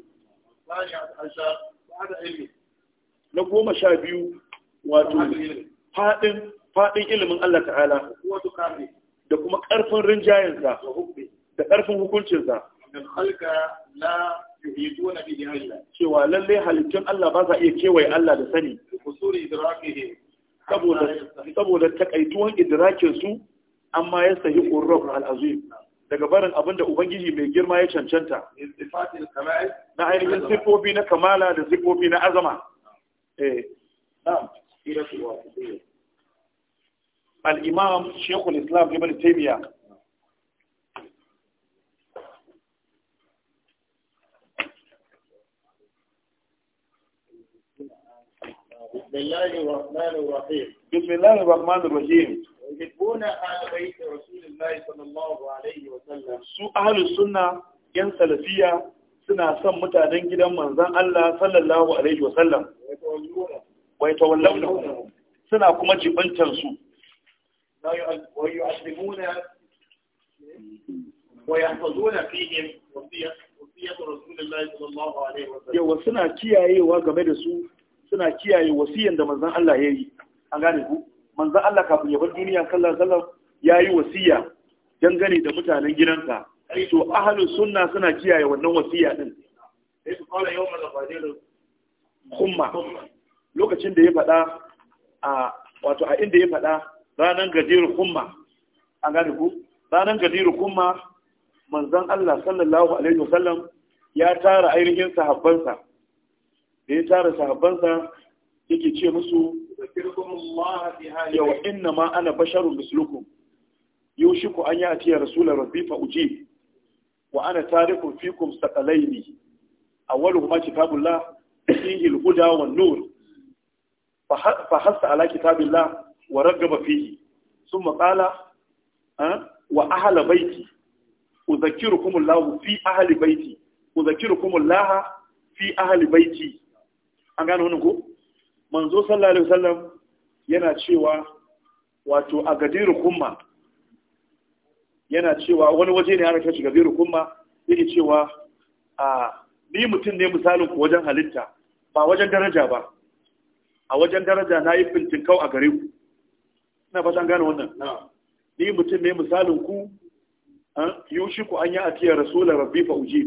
Speaker 1: na goma sha biyu wato faɗin ilimin Allah ta'ala da kuma ƙarfin rinjayensa da ƙarfin hukuncinsa annal khalqa la yuhituna bi ilmi cewa lalle halittun Allah ba sa iya kewaye Allah da sani usuri idrakihi saboda saboda takaituwan idrakin su amma ya sahi qurrab al-azim daga barin abin da ubangiji mai girma ya cancanta na ainihin sifofi na kamala da sifofi na azama eh na'am al-imam shaykhul islam ibn taymiyyah الله الرحمن الرحيم بسم الله الرحمن الرحيم يحبون أهل بيت رسول الله صلى الله عليه وسلم سو أهل السنة ين سلفية سنة سم متعدين جدا من ذن الله صلى الله عليه وسلم ويتولونه سنة كما جبن تنسو ويعلمون ويحفظون فيهم وصية رسول الله صلى الله عليه وسلم يوصنا كيائي وقبل سوء suna kiyaye wasiyan da manzan Allah ya yi an gane ku manzan Allah kafin ya bar duniya sallallahu alaihi wasallam ya yi wasiya dangane da mutanen gidansa to ahlus sunna suna kiyaye wannan wasiya din sai su fara yawan al-fadil lokacin da ya faɗa a wato a inda ya faɗa ranan gajeru kuma. an gane ku ranan gajeru kuma manzan Allah sallallahu alaihi wasallam ya tara ainihin sahabbansa da ya tara sahabbansa yake ce musu yawa inna ma ana basharun shi ku an yi tiyar rasu rabbi fa uji wa ana tarikun ne. A wani kuma kitabullah fihi al-huda wa nur fa hasa ala kitabillah wa raggaba fihi Sun matsala wa ahla baiti udhakkirukum Allah fi ahli baiti udhakkirukum Allah fi ahali baiti an gane wani ko manzo sallallahu alaihi wasallam yana cewa wato a gadiru kumma yana cewa wani waje ne ana kashi gadiru kumma yake cewa a ni mutum ne misalin ku wajen halitta ba wajen daraja ba a wajen daraja na yi fintinkau a gare ku ina san gane wannan ni mutum ne misalin ku yushi ku an yi atiya rasulun rabbi fa uji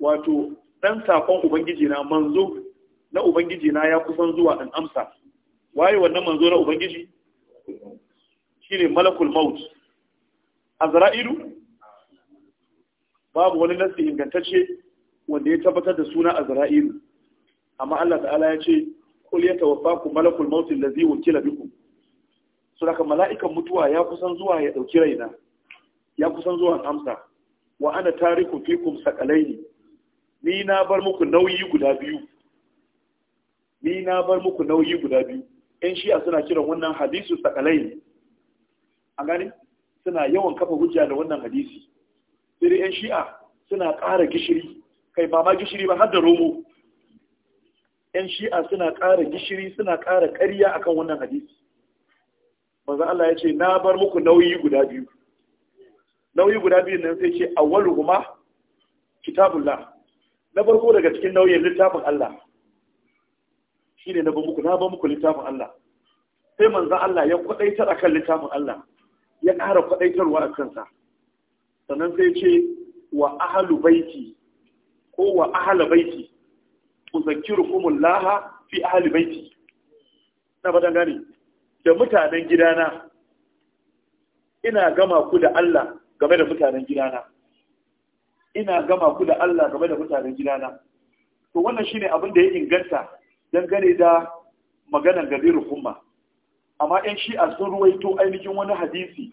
Speaker 1: wato dan sakon ubangiji na manzo na ubangiji na ya kusan zuwa in amsa waye wannan manzo na ubangiji ne malakul maut azra'ilu babu wani nasi ingantacce wanda ya tabbatar da suna a azra'ilu amma Allah ta'ala ya ce kul ya ku malakul maut allazi wukila bikum saboda mala'ikan mutuwa ya kusan zuwa ya ɗauki raina ya kusan zuwa an amsa wa ana tariku fikum ne. ni na bar muku nauyi guda biyu ni na bar muku nauyi guda biyu yan shi'a suna kiran wannan hadisu sakalai an gani suna yawan kafa hujja da wannan hadisi sai yan shi'a suna ƙara gishiri kai ba ma gishiri ba har da romo yan shi'a suna ƙara gishiri suna ƙara ƙarya akan wannan hadisi manzo Allah ya ce na bar muku nauyi guda biyu nauyi guda biyu nan sai ce awwaluhuma kitabullah na farko daga cikin nauyin littafin Allah ne na ba muku na ba muku littafin Allah sai manzo Allah ya kwadaitar akan littafin Allah ya ƙara kwadaitarwa a kansa sannan sai ce wa ahlu baiti ko wa ahla baiti uzakkirukumullah fi ahli baiti na ba dangane da mutanen gidana ina gama ku da Allah game da mutanen gidana ina gama ku da Allah game da mutanen gidana to wannan shine abin da ya inganta dangane da maganan gaziru kuma amma yan shi'a sun ruwaito ainihin wani hadisi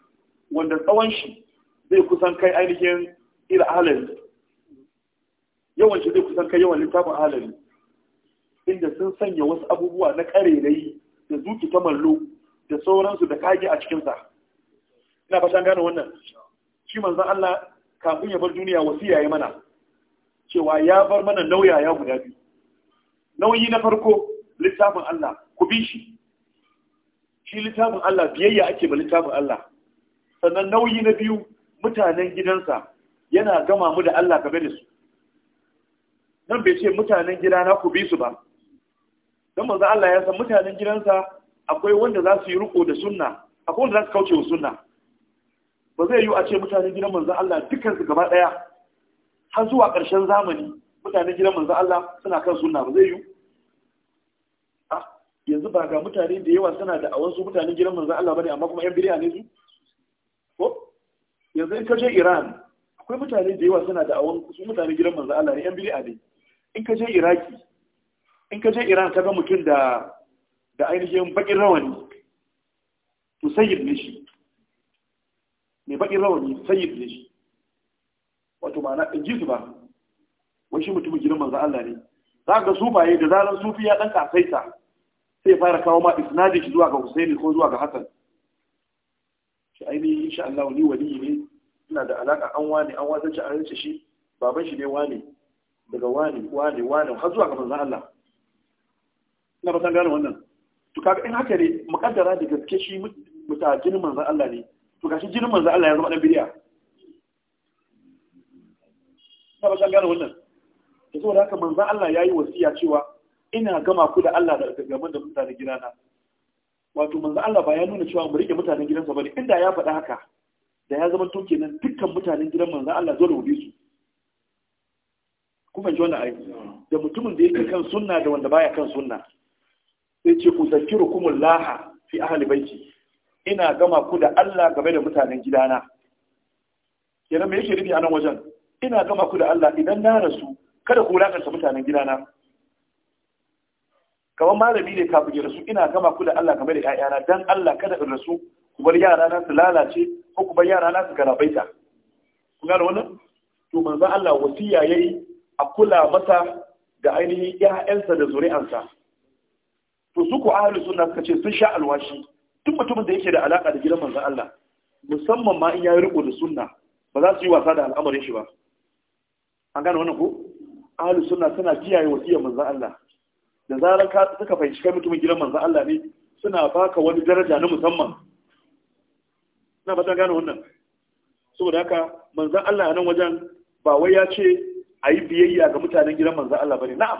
Speaker 1: wanda tsawon shi zai kusan kai ainihin ila halari yawan zai kusan kai yawan littafin halari inda sun sanya wasu abubuwa na karerai da zuki ta mallo da sauransu da kage a cikinsa ina fatan gane wannan shi manzan Allah kafin ya bar duniya wasu yayi mana cewa ya bar mana nauyaya guda biyu nauyi na farko littafin Allah ku bi shi shi littafin Allah biyayya ake ba littafin Allah sannan nauyi na biyu mutanen gidansa yana gama mu da Allah game da su nan bai ce mutanen gidana ku bi su ba don manzo Allah ya san mutanen gidansa akwai wanda za su yi riko da sunna akwai wanda za su kauce wa sunna ba zai yi a ce mutanen gidan manzo Allah dukkan su gaba daya har zuwa ƙarshen zamani mutane gidan manzo Allah suna kan sunna ba zai yi ah, yanzu ba ga mutane da yawa suna da awansu mutane gidan manzo Allah bane amma kuma yan bid'a ne su ko yanzu in ka je Iran akwai mutane da yawa suna da awan su mutane gidan manzo Allah ne yan bid'a ne in ka je Iraki in ka je Iran ka ga mutum da da ainihin bakin rawani to sayyid ne shi mai bakin rawani sayyid ne shi wato ma'ana in ji su ba wani shi mutumin gidan manzo Allah ne za ga sufaye da zarar sufi ya dan kasaita sai fara kawo ma isnadi shi zuwa ga Husaini ko zuwa ga Hassan shi ainihin insha Allah wani wali ne ina da alaka an wani an shi an rance shi baban shi ne wani daga wani wani wani har zuwa ga manzo Allah ina ba san gane wannan to kaga in haka ne mukaddara da gaske shi mutajin manzo Allah ne to gashi jinin manzo Allah ya zama dan bid'a ina ba san gane wannan da saboda haka manzo Allah yi wasiya cewa ina gama ku da Allah da gaban da mutanen gidana wato manzan Allah ba ya nuna cewa mu rike mutanen gidansa ba ne, inda ya faɗa haka da ya zama to nan dukkan mutanen gidan manzan Allah zo da wuri su kuma ji wannan ayi da mutumin da yake kan sunna da wanda baya kan sunna sai ce ku zakirukum laha fi ahli baiti ina gama ku da Allah game da mutanen gidana kenan me yake nufi a nan wajen ina gama ku da Allah idan na rasu kada ku wulakanta mutanen gida na. kamar malami ne kafin ya rasu ina gama ku da Allah kamar da ƴaƴana dan Allah kada in rasu ku bar yara na su lalace ko ku bar yara na su garabaita kun ga wannan to manzo Allah wasiya yayi a kula masa da ainihin ƴaƴansa da zuri'ansa to su ku ahli sunna suka ce sun sha alwashi duk mutumin da yake da alaka da gidan manzo Allah musamman ma in ya riko da sunna ba za su yi wasa da al'amarin shi ba an gane wannan ko ahli sunna suna kiyaye wasiyar manzon Allah da zarar ka suka fahimci kai mutumin gidan manzon Allah ne suna baka wani daraja na musamman ba ta gane wannan saboda haka manzon Allah nan wajen ba wai ya ce a yi biyayya ga mutanen gidan manzon Allah bane na'am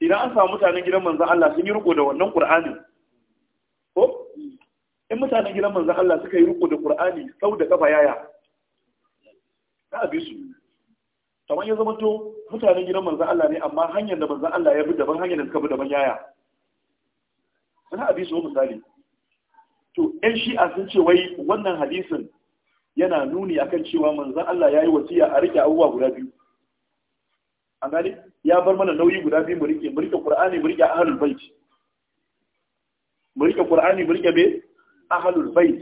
Speaker 1: idan an samu mutanen gidan manzon Allah sun yi riko da wannan Qur'anin ko in mutanen gidan manzon Allah suka yi riko da Qur'ani sau da kafa yaya za a bi su kamar ya zama to mutanen gidan manzan Allah ne amma hanyar da manzan Allah ya bi daban hanyar da suka bi daban yaya sana abi so misali to ɗan shi'a sun ce wai wannan hadisin yana nuni akan cewa manzan Allah ya yi wasiya a rike abubuwa guda biyu an gane ya bar mana nauyi guda biyu mu rike mu rike qur'ani mu rike ahlul bait mu rike qur'ani mu rike be ahlul bait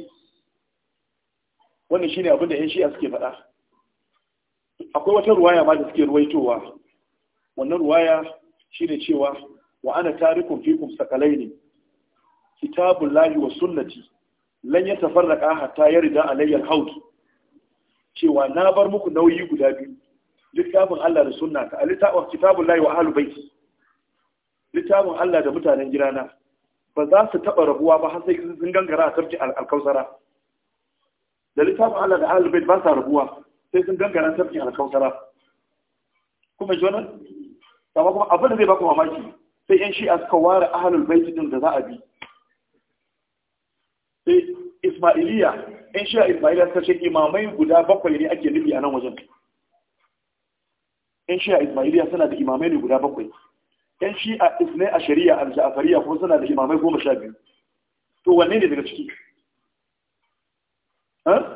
Speaker 1: wannan shine abin da ƴan shi'a suke faɗa akwai wata ruwaya ma da suke ruwaitowa wannan ruwaya shine cewa wa ana tarikum fikum sakalaini Lahi wa sunnati lan yatafarraqa hatta yarda alayya al haut cewa na bar muku nauyi guda biyu littafin Allah da sunna ka littafin Lahi wa ahlul baiti littafin Allah da mutanen gidana ba za su taba rabuwa ba har sai sun gangara a tarki al-kausara da littafin Allah da ahlul bait ba sa rabuwa sai sun gangara tafkin alkautara kuma jonan sama kuma abin da zai baku mamaki sai yan shi'a suka ware ahalul baiti din da za a bi sai ismailiya yan shi'a ismailiya suka ce imamai guda bakwai ne ake nufi a nan wajen yan shi'a ismailiya suna da imamai ne guda bakwai yan shi'a isnai a shari'a a jaafariya kuma suna da imamai goma sha biyu to wanne ne daga ciki Huh?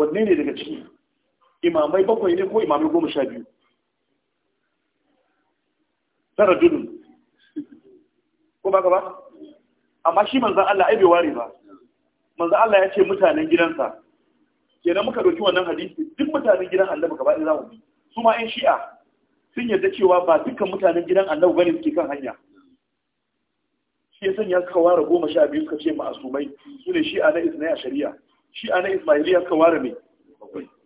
Speaker 1: wanne ne daga ciki imamai bakwai ne ko imamai goma sha biyu tara dudun ko ba ka ba amma shi manzan Allah ai bai ware ba manzan Allah ya ce mutanen gidansa kenan muka ɗauki wannan hadisi duk mutanen gidan annabi gaba ɗaya za mu bi su ma 'yan shi'a sun yarda cewa ba dukkan mutanen gidan annabi bane suke kan hanya shi ya sanya suka ware goma sha biyu suka ce ma'asumai su ne shi'a na isnai a shari'a shi ana ismailiya suka ware mai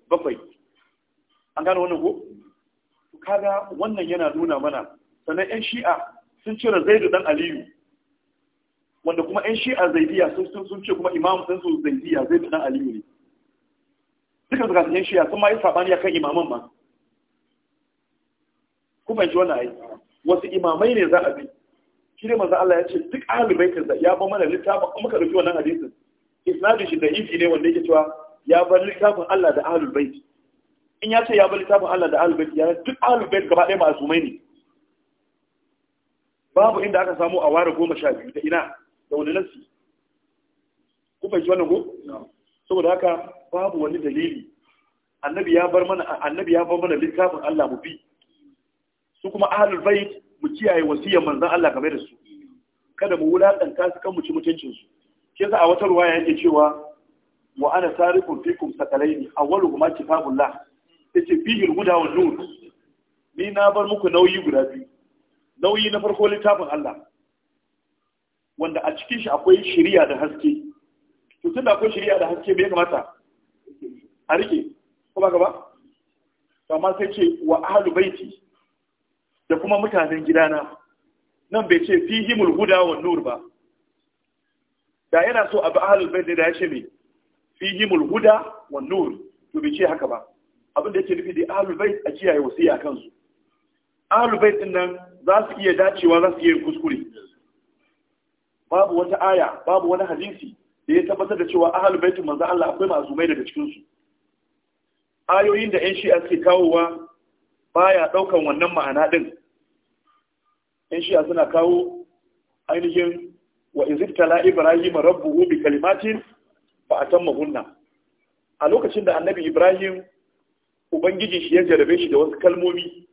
Speaker 1: bakwai an gano wannan ko kaga wannan yana nuna mana sannan yan shi'a sun cire zaidu dan aliyu wanda kuma yan shi'a zaidiya sun ce kuma imam sun su zaidiya zaidu dan aliyu ne duka zuka yan shi'a sun ma yi sabani akan imaman ma kuma ji wannan ai wasu imamai ne za a bi shi ne manzo Allah ya ce duk ahlul bait ya ba mana littafin muka ka dauki wannan hadisin isnadin shi da'ifi ne wanda yake cewa ya bar littafin Allah da ahlul bait in ya ce ya bar littafin Allah da ahlul bait ya duk ahlul bait gaba ɗaya ma'asumai ne babu inda aka samu a ware goma sha biyu da ina da wani nasi ku fahimci wannan ko saboda haka babu wani dalili annabi ya bar mana annabi ya bar mana littafin Allah mu bi su kuma ahlul bait mu kiyaye wasiyar manzon Allah game da su kada mu wulakanta su kan mu ci mutuncin su shi a wata ruwaya yake cewa wa ana tarikun fikum sakalaini awwaluhuma kitabullah yace fihi alhuda wal nur ni na bar muku nauyi guda biyu nauyi na farko littafin Allah wanda a cikin shi akwai shari'a da haske to tunda akwai shari'a da haske me ya kamata a rike ko ba gaba to amma sai ce wa ahlu baiti da kuma mutanen gidana nan bai ce fihi alhuda wal nur ba da yana so abu halin bai da ya ce fi yi mulhuda wa nur to bai ce haka ba abin da yake nufi da halin bai a kiyaye wasiya a kansu. ahlul bai din nan za su iya dacewa za su iya kuskure babu wata aya babu wani hadisi da ya tabbatar da cewa bai tun manzo Allah akwai mai daga cikin su ayoyin da yan shi'a suke kawowa baya ɗaukan wannan ma'ana din yan shi'a suna kawo ainihin wa izibtala ibrahim rabbuhu bi kalimatin fa hunna a lokacin da annabi ibrahim ubangiji shi ya jarabe shi da wasu kalmomi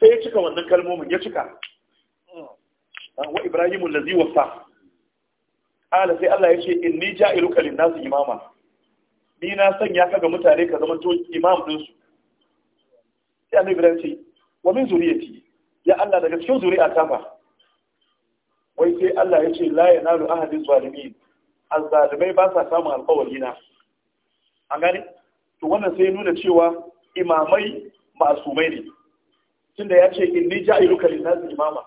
Speaker 1: sai ya cika wannan kalmomin ya cika wa ibrahim allazi wasa ala sai Allah ya ce inni ja'iluka kalin nasu imama ni na sanya ka ga mutane ka zama to imam din su sai annabi ibrahim ce wa min zuriyati ya Allah daga cikin ta fa wai sai Allah ya ce la nalu ahadin zalimin azzalimai ba sa samun alƙawari na an gane to wannan sai nuna cewa imamai masumai ne tunda ya ce inni ja'ilu kalin nasi imama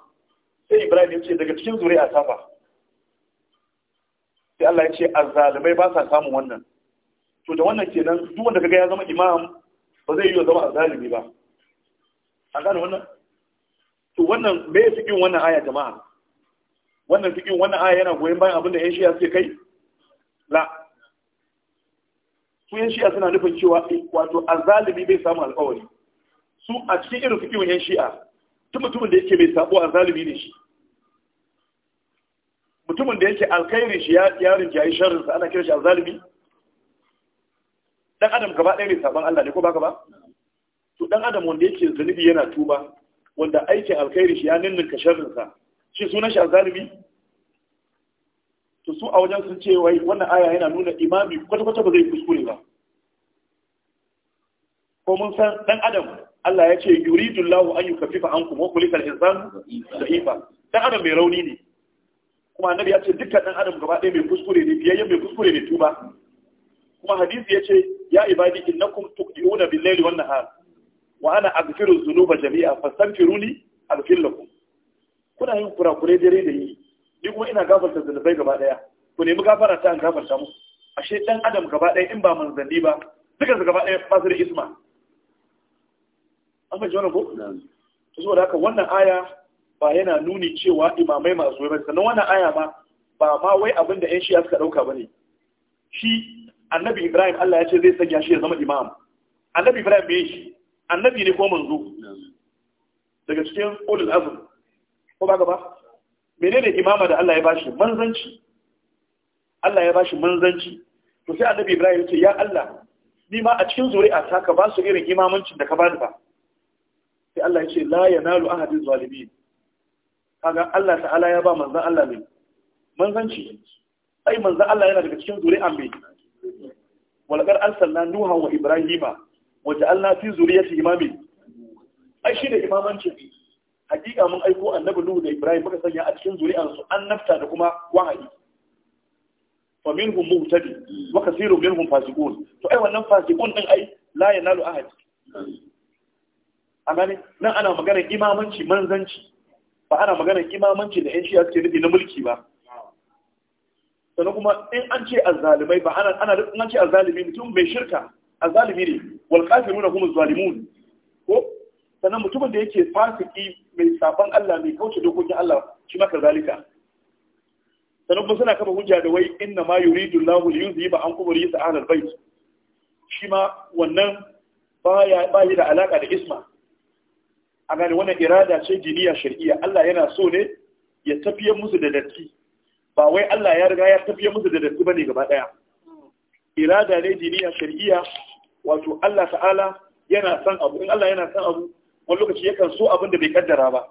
Speaker 1: sai Ibrahim ya ce daga cikin zuri'a ta fa sai Allah ya ce azzalimai ba sa samun wannan to da wannan kenan duk wanda kaga ya zama imam ba zai yi zama azzalimi ba an gane wannan to wannan me yake cikin wannan aya jama'a wannan cikin wannan aya yana goyon bayan abin da yan shiya suke kai la su yan shiya suna nufin cewa eh, wato azalimi bai samu alƙawari su a cikin irin fikin yan shi'a tun mutumin da yake mai sabo azalimi ne shi mutumin da yake alkhairi shi ya rinjayi sharrinsa ana kira shi azalimi dan adam gaba ɗaya mai saban Allah ne ko baka ba to dan adam wanda yake zunubi yana tuba wanda aikin alkhairi shi ya ninninka sharrinsa shi suna shi azalimi to su a wajen sun ce wai wannan aya yana nuna imami kwata-kwata ba zai kuskure ba ko mun san dan adam Allah ya ce yuridu Allah an yukaffifa ankum wa kulika al-insan da'ifa dan adam mai rauni ne kuma annabi ya ce dukkan dan adam gaba ɗaya mai kuskure ne biyayyen mai kuskure ne tuba kuma hadisi ya ce ya ibadi innakum tuqdiuna bil-layli wan nahar wa ana aghfiru dhunuba jami'a fastaghfiruni aghfir lakum kuna yin kurakurai dare da yi ni kuma ina gafarta zunubai gaba daya ku nemi gafara ta an gafarta mu ashe dan adam gaba daya in ba zandi ba duka su gaba daya ba su da isma amma jona ko to saboda haka wannan aya ba yana nuni cewa imamai masu ba sannan wannan aya ma ba ma wai abin da yan shi suka dauka bane shi annabi ibrahim Allah ya ce zai sanya shi ya zama imam annabi ibrahim bai shi annabi ne ko manzo daga cikin ulul azm ko ba gaba menene imama da Allah ya bashi manzanci Allah ya bashi manzanci to sai annabi Ibrahim ce ya Allah ni ma a cikin zuri'a ta ka ba su irin imamancin da ka bani ba sai Allah ya ce la yanalu ahadin zalimin kaga Allah ta'ala ya ba manzan Allah ne manzanci ai manzan Allah yana daga cikin zuri'a mai al arsalna nuha wa ibrahima wa ja'alna fi zuriyati imami ai shi da imamancin hakika mun aiko annabi Nuhu da Ibrahim muka sanya a cikin zuri'ansu annabta da kuma wahayi fa minhum muhtadi wa kaseerun minhum fasiqun to ai wannan fasiqun din ai la yanalu ahad amma ne nan ana magana imamanci manzanci ba ana magana imamanci da yan shi'a suke nufi na mulki ba sannan kuma in an ce azzalimai ba ana ana in an ce azzalimi mutum bai shirka azzalimi ne wal kafiruna hum zalimun ko sannan mutumin da yake fasiki mai saban Allah mai kauce dokokin Allah shi maka zalika sannan kuma suna kafa hujja da wai inna ma yuridu Allahu li ba an kubur sa ahlal bait shi ma wannan baya bayi da alaka da isma a gane wannan irada ce diniya shar'iyya Allah yana so ne ya tafiye musu da datti ba wai Allah ya riga ya tafiye musu da datti bane gaba daya irada ne diniya shar'iyya wato Allah ta'ala yana san abu in Allah yana son abu wani lokaci yakan so abin da bai kaddara ba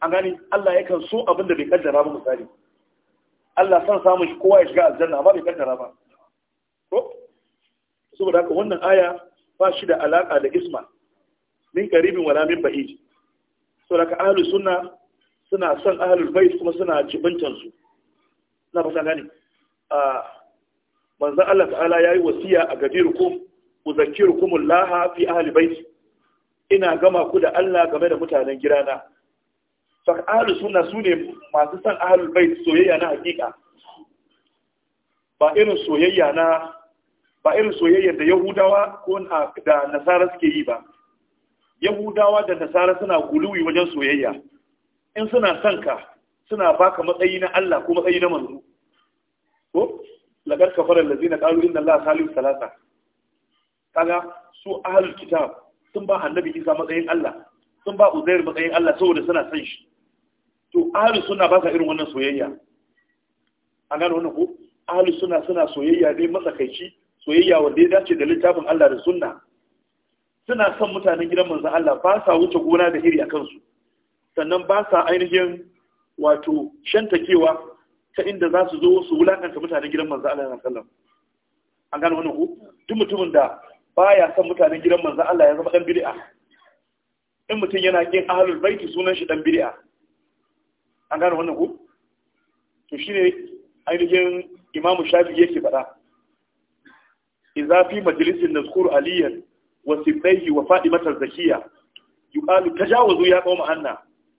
Speaker 1: an gani Allah yakan so abin da bai kaddara ba misali Allah san samun shi kowa ya shiga aljanna amma bai kaddara ba to saboda haka wannan aya ba shi da alaka da isma min qaribin wala min ba'id saboda haka ahlus sunna suna son ahlul bait kuma suna jibantan su na san gani a manzo Allah ta'ala yayi wasiya a gadirukum uzakirukum Allah fi ahli bait ina gama ku da Allah game da mutanen girana. fa ahlus sunna sune masu san ahlul bait soyayya na hakika ba irin soyayya da yahudawa ko da nasara suke yi ba yahudawa da nasara suna guluwi wajen soyayya in suna son ka suna baka matsayi na Allah ko matsayi na manzo ko lagar kafarar lazina qalu inna allaha salim salasa kaga su ahlul kitab sun ba annabi isa matsayin Allah sun ba uzair matsayin Allah saboda suna san shi to ahli sunna ba ka irin wannan soyayya an gano wannan ko ahli sunna suna soyayya dai matsakaici soyayya wanda ya dace da littafin Allah da sunna suna son mutanen gidan manzon Allah ba sa wuce gona da hiri a kansu sannan ba sa ainihin wato shantakewa ta inda za su zo su wulakanta mutanen gidan manzon Allah sallallahu alaihi wasallam an gano wannan ko duk mutumin da Ba ya son mutanen gidan manzan Allah ya zama dan bid'a in mutum yana kin ahlul baiti sunan shi dan bid'a an gane wannan ku to shine ainihin Imam Shafi yake faɗa idza fi majlisin nazkuru aliyan wa sibaihi wa fadimata zakiya yuqalu tajawazu ya qauma anna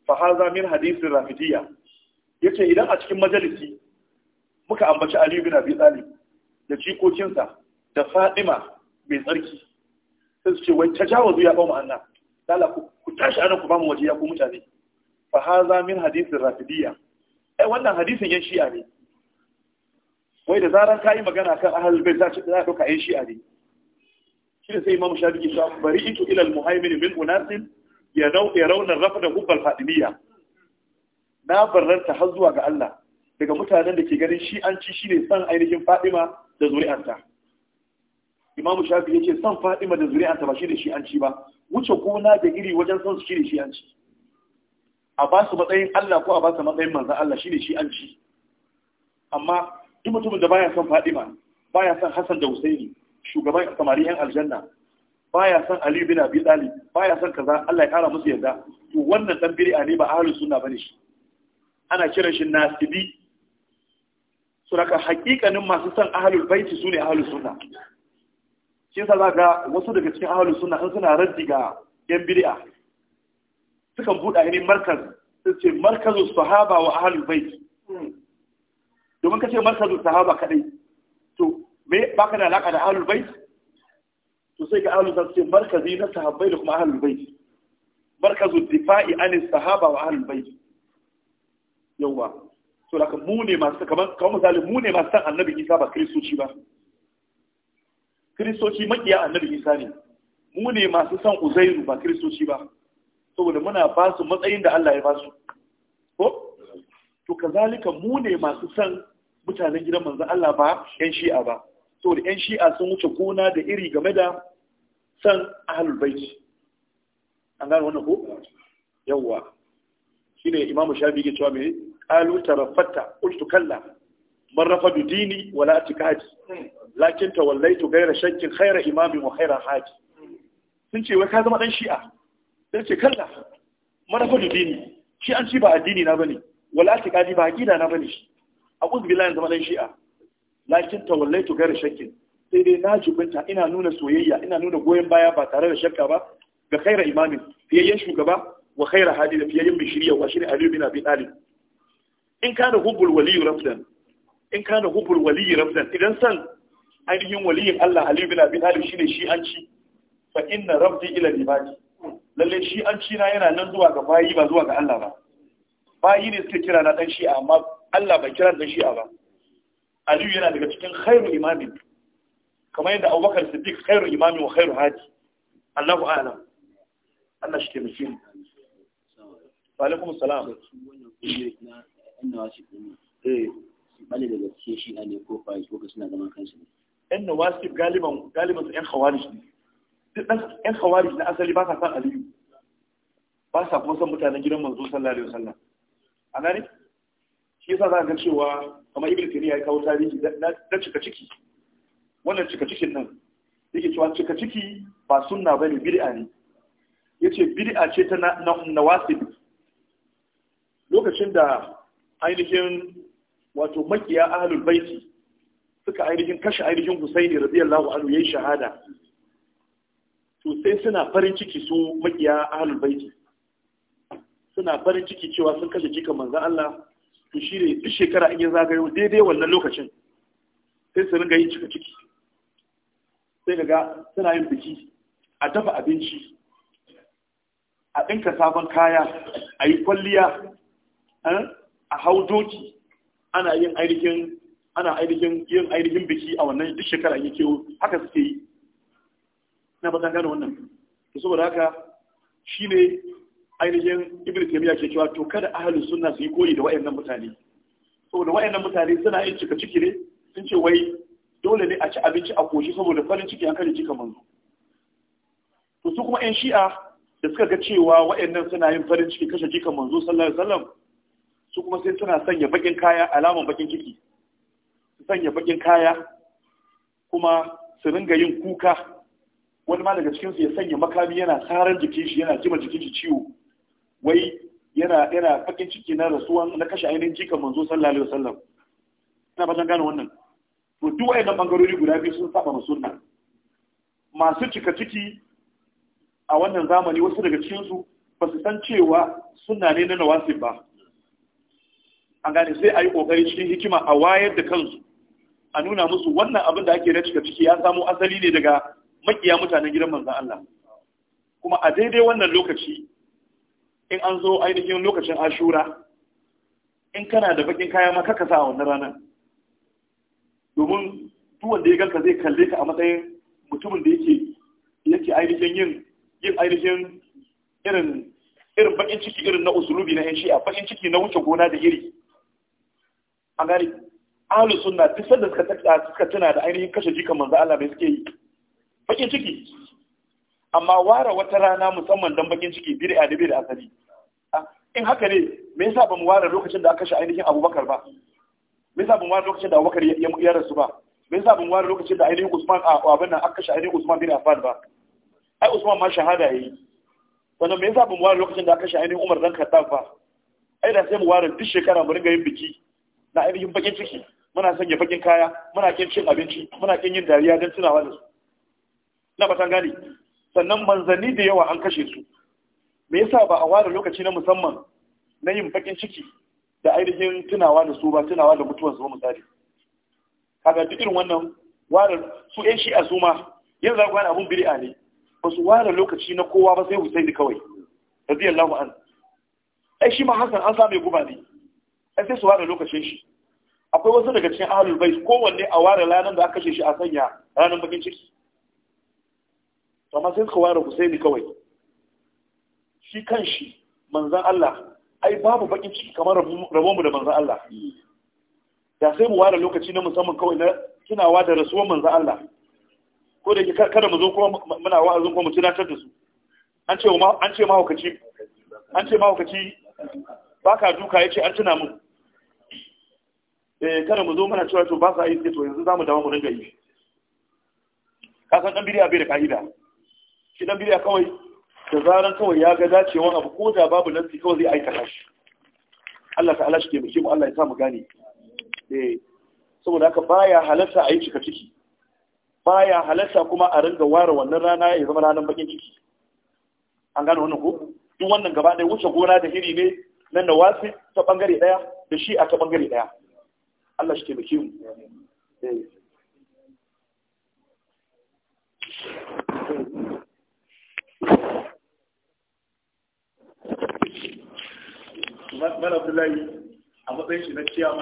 Speaker 1: fa hadha min hadith rafidiyya yace idan a cikin majalisi muka ambaci Aliyu bin Abi Talib da cikokinsa da Fadima mai tsarki sai su ce wai tajawazu ya ba mu anna lala ku tashi anan ku ba mu waje ya ku mutane fa haza min hadisin rafidiyya ai wannan hadisin yan shi'a ne wai da zaran kayi magana kan ahlul bayt za ka doka yan shi'a ne shi da sai imamu shafi'i sa bari itu ila al-muhaimin min unasin ya dau ya raunar rafda hubbal fadiliya na ta har zuwa ga Allah daga mutanen da ke ganin shi'anci shine san ainihin Fadima da zuri'arta imamu shafi ya ce san fadima da zuri'anta ba shi da shi'anci ba wuce na da iri wajen san su shi da shi'anci a ba su matsayin Allah ko a ba su matsayin manzan Allah shi da shi'anci amma duk mutumin da baya san fadima baya son Hassan da Husaini shugaban samari yan aljanna baya son Ali bin Abi Talib baya son kaza Allah ya kara musu yarda to wannan dan biri'a ne ba ahlus sunna bane shi ana kiran shi nasibi suraka hakikanin masu san ahlul baiti sune ahlus sunna shi yasa za ga wasu daga cikin ahalin suna in suna raddi ga yan bid'a sukan buɗa ne markaz su ce markazun sahaba wa ahalin bait domin ka ce markazun sahaba kadai to me ba ka da alaka da ahalin bait to sai ga ahalin sun ce markazi na sahabbai da kuma ahalin bait markazun difa'i anis sahaba wa ahalul bait ba, to da mu ne masu kamar kamar misali mu ne masu san annabi Isa ba kristoci ba kiristoci makiya annabi isa ne mu ne masu son uzairu ba kiristoci ba saboda muna ba su matsayin da Allah ya ba su ko to kazalika mu ne masu son mutanen gidan manzon Allah ba yan shi'a ba saboda yan shi'a sun wuce gona da iri game da san ahlul bait an gano wannan ko yawwa shine imamu shafi ke cewa me qalu tarafatta ultu kalla man rafadu dini wala atikadi lakin tawallaitu gaira shakkin khaira imami wa khaira haji sun ce wai ka zama dan shi'a sai ce kalla man rafadu shi an ci ba addini na bane wala atikadi ba aqida na bane shi a uzbillahi zama dan shi'a lakin tawallaitu gaira sai dai na jibinta ina nuna soyayya ina nuna goyon baya ba tare da shakka ba ga khaira imamin fiyayyen shugaba wa khaira hadi da fiyayyen bishiriya wa shirin aliyu bin abi talib in kana hubbul waliyu rafdan in ka kana hubul waliyi rabdan idan san ainihin waliyin Allah Ali bin Abi Talib shine shi an ci fa inna rabdi ila ibadi lalle shi an ci na yana nan zuwa ga bayi ba zuwa ga Allah ba bayi ne suke kira na dan shi'a amma Allah bai kira dan shi'a ba Ali yana daga cikin khairu imamin kamar yadda Abubakar Siddiq khairu imami wa khairu hadi Allahu a'lam Allah shi ke mutum wa alaikum salam eh bane da gaske shi ne ko fa'i ko suna zaman kansu ne yan nawasi galiban galiban su yan khawarij ne duk ɗan yan khawarij na asali ba sa san aliyu ba sa kuma san mutanen gidan manzo sallallahu alaihi wasallam a gane shi yasa za ga cewa kamar ibn tariya ya kawo tarihi na cika ciki wannan cika cikin nan yake cewa cika ciki ba sunna ne bid'a ne Ya ce bid'a ce ta na nawasib lokacin da ainihin wato makiya ahlul baiti suka ainihin kashe ainihin Husaini radiyallahu anhu yayin shahada to sai suna farin ciki su makiya ahlul baiti suna farin ciki cewa sun kashe jikan manzon Allah to shine duk shekara in ya zagayo daidai wannan lokacin sai su ringa yin cika ciki sai daga suna yin biki a dafa abinci a ɗinka sabon kaya a yi kwalliya eh, a hau doki ana yin ainihin ana ainihin yin ainihin biki a wannan duk shekara ya kewo haka suke yi na ba gano wannan to saboda haka shine ainihin ibnu taymiya ke cewa to kada ahli sunna su yi koyi da wayannan mutane saboda wayannan mutane suna yin cika ciki ne sun ce wai dole ne a ci abinci a koshi saboda farin ciki an kada cika manzo to su kuma yan shi'a da suka ga cewa wayannan suna yin farin ciki kashe jikan manzo sallallahu alaihi wasallam su kuma sai suna sanya bakin kaya alaman bakin ciki su sanya bakin kaya kuma su ringa yin kuka wani ma daga cikinsu ya sanya makami yana saran jikin shi yana jima jikin shi ciwo wai yana yana bakin ciki na rasuwan na kashe ainihin jikan manzo sallallahu alaihi wasallam ina fatan gane wannan to duk wayannan bangarori guda biyu sun saba sunna masu cika ciki a wannan zamani wasu daga cikinsu ba su san cewa suna ne na nawasi ba an gane sai a yi ƙoƙari cikin hikima a wayar da kansu a nuna musu wannan abin da ake na cika ciki ya samo asali ne daga makiya mutanen gidan manzan Allah kuma a daidai wannan lokaci in an zo ainihin lokacin ashura in kana da bakin kaya ma kaka sa a wannan ranar domin duk wanda ya ganka zai kalle ka a matsayin mutumin da yake yake ainihin yin yin ainihin irin irin bakin ciki irin na usulubi na yan a bakin ciki na wuce gona da iri a gari ahlus sunna duk sanda suka tsaka suka tuna da ainihin kashe jikan manzo Allah mai suke yi bakin ciki amma ware wata rana musamman dan bakin ciki bid'a da bid'a asali ah, in haka ne me yasa bamu ware lokacin da aka kashe ainihin Abubakar ba me yasa bamu ware lokacin da Abubakar ya rasu ba me yasa bamu ware lokacin da ainihin Usman a ah, abin nan aka kashe ainihin Usman bin Affan ba ai Usman ma shahada yayi sannan me yasa bamu ware lokacin da aka kashe ainihin Umar dan Khattab ba ai da sai mu ware duk shekara mu ringa yin biki na ainihin bakin ciki muna sanya bakin kaya muna kin cin abinci muna kin yin dariya don tunawa da su na batan gani sannan manzanni da yawa an kashe su me yasa ba a ware lokaci na musamman na yin bakin ciki da ainihin tunawa da su ba tunawa da mutuwar su misali kaga duk irin wannan ware su shi a su ma yanzu za ku gane abun biri'a ne ba su ware lokaci na kowa ba sai Husaini kawai radiyallahu anhu ai shi ma Hassan an sa guba ne ai sai su ware lokacin shi akwai wasu daga cikin ahlul bait kowanne a ware ranar da aka kashe shi a sanya ranar bakin ciki to amma sai suka ware Husaini kawai shi kan shi manzan Allah ai babu bakin ciki kamar rabonmu da manzan Allah da sai mu ware lokaci na musamman kawai na tunawa da rasuwar manzan Allah ko da yake kada mu zo kuma muna wa'azin kuma mu tunatar da su an ce ma an ce ma hukaci an ce ma hukaci baka duka yace an tuna mu Eh, kada mu zo mana cewa to ba sa yi to yanzu za mu dawo mu dinga yi ka san dan bidiya bai da ka'ida shi dan bidiya kawai da zaran kawai ya ga dacewan abu ko da babu nasi kawai zai aikata shi Allah ta'ala shi ke muke mu Allah ya sa mu gane eh saboda haka baya halarta a yi cika ciki baya halarta kuma a ringa ware wannan rana ya zama ranar bakin ciki an gane wannan ko duk wannan gaba ɗaya wuce gona da hiri ne nan da wasu ta bangare ɗaya da shi a ta bangare ɗaya Allah shi taimake mu eh. Mana Abdullahi a matsayin shi na ciyama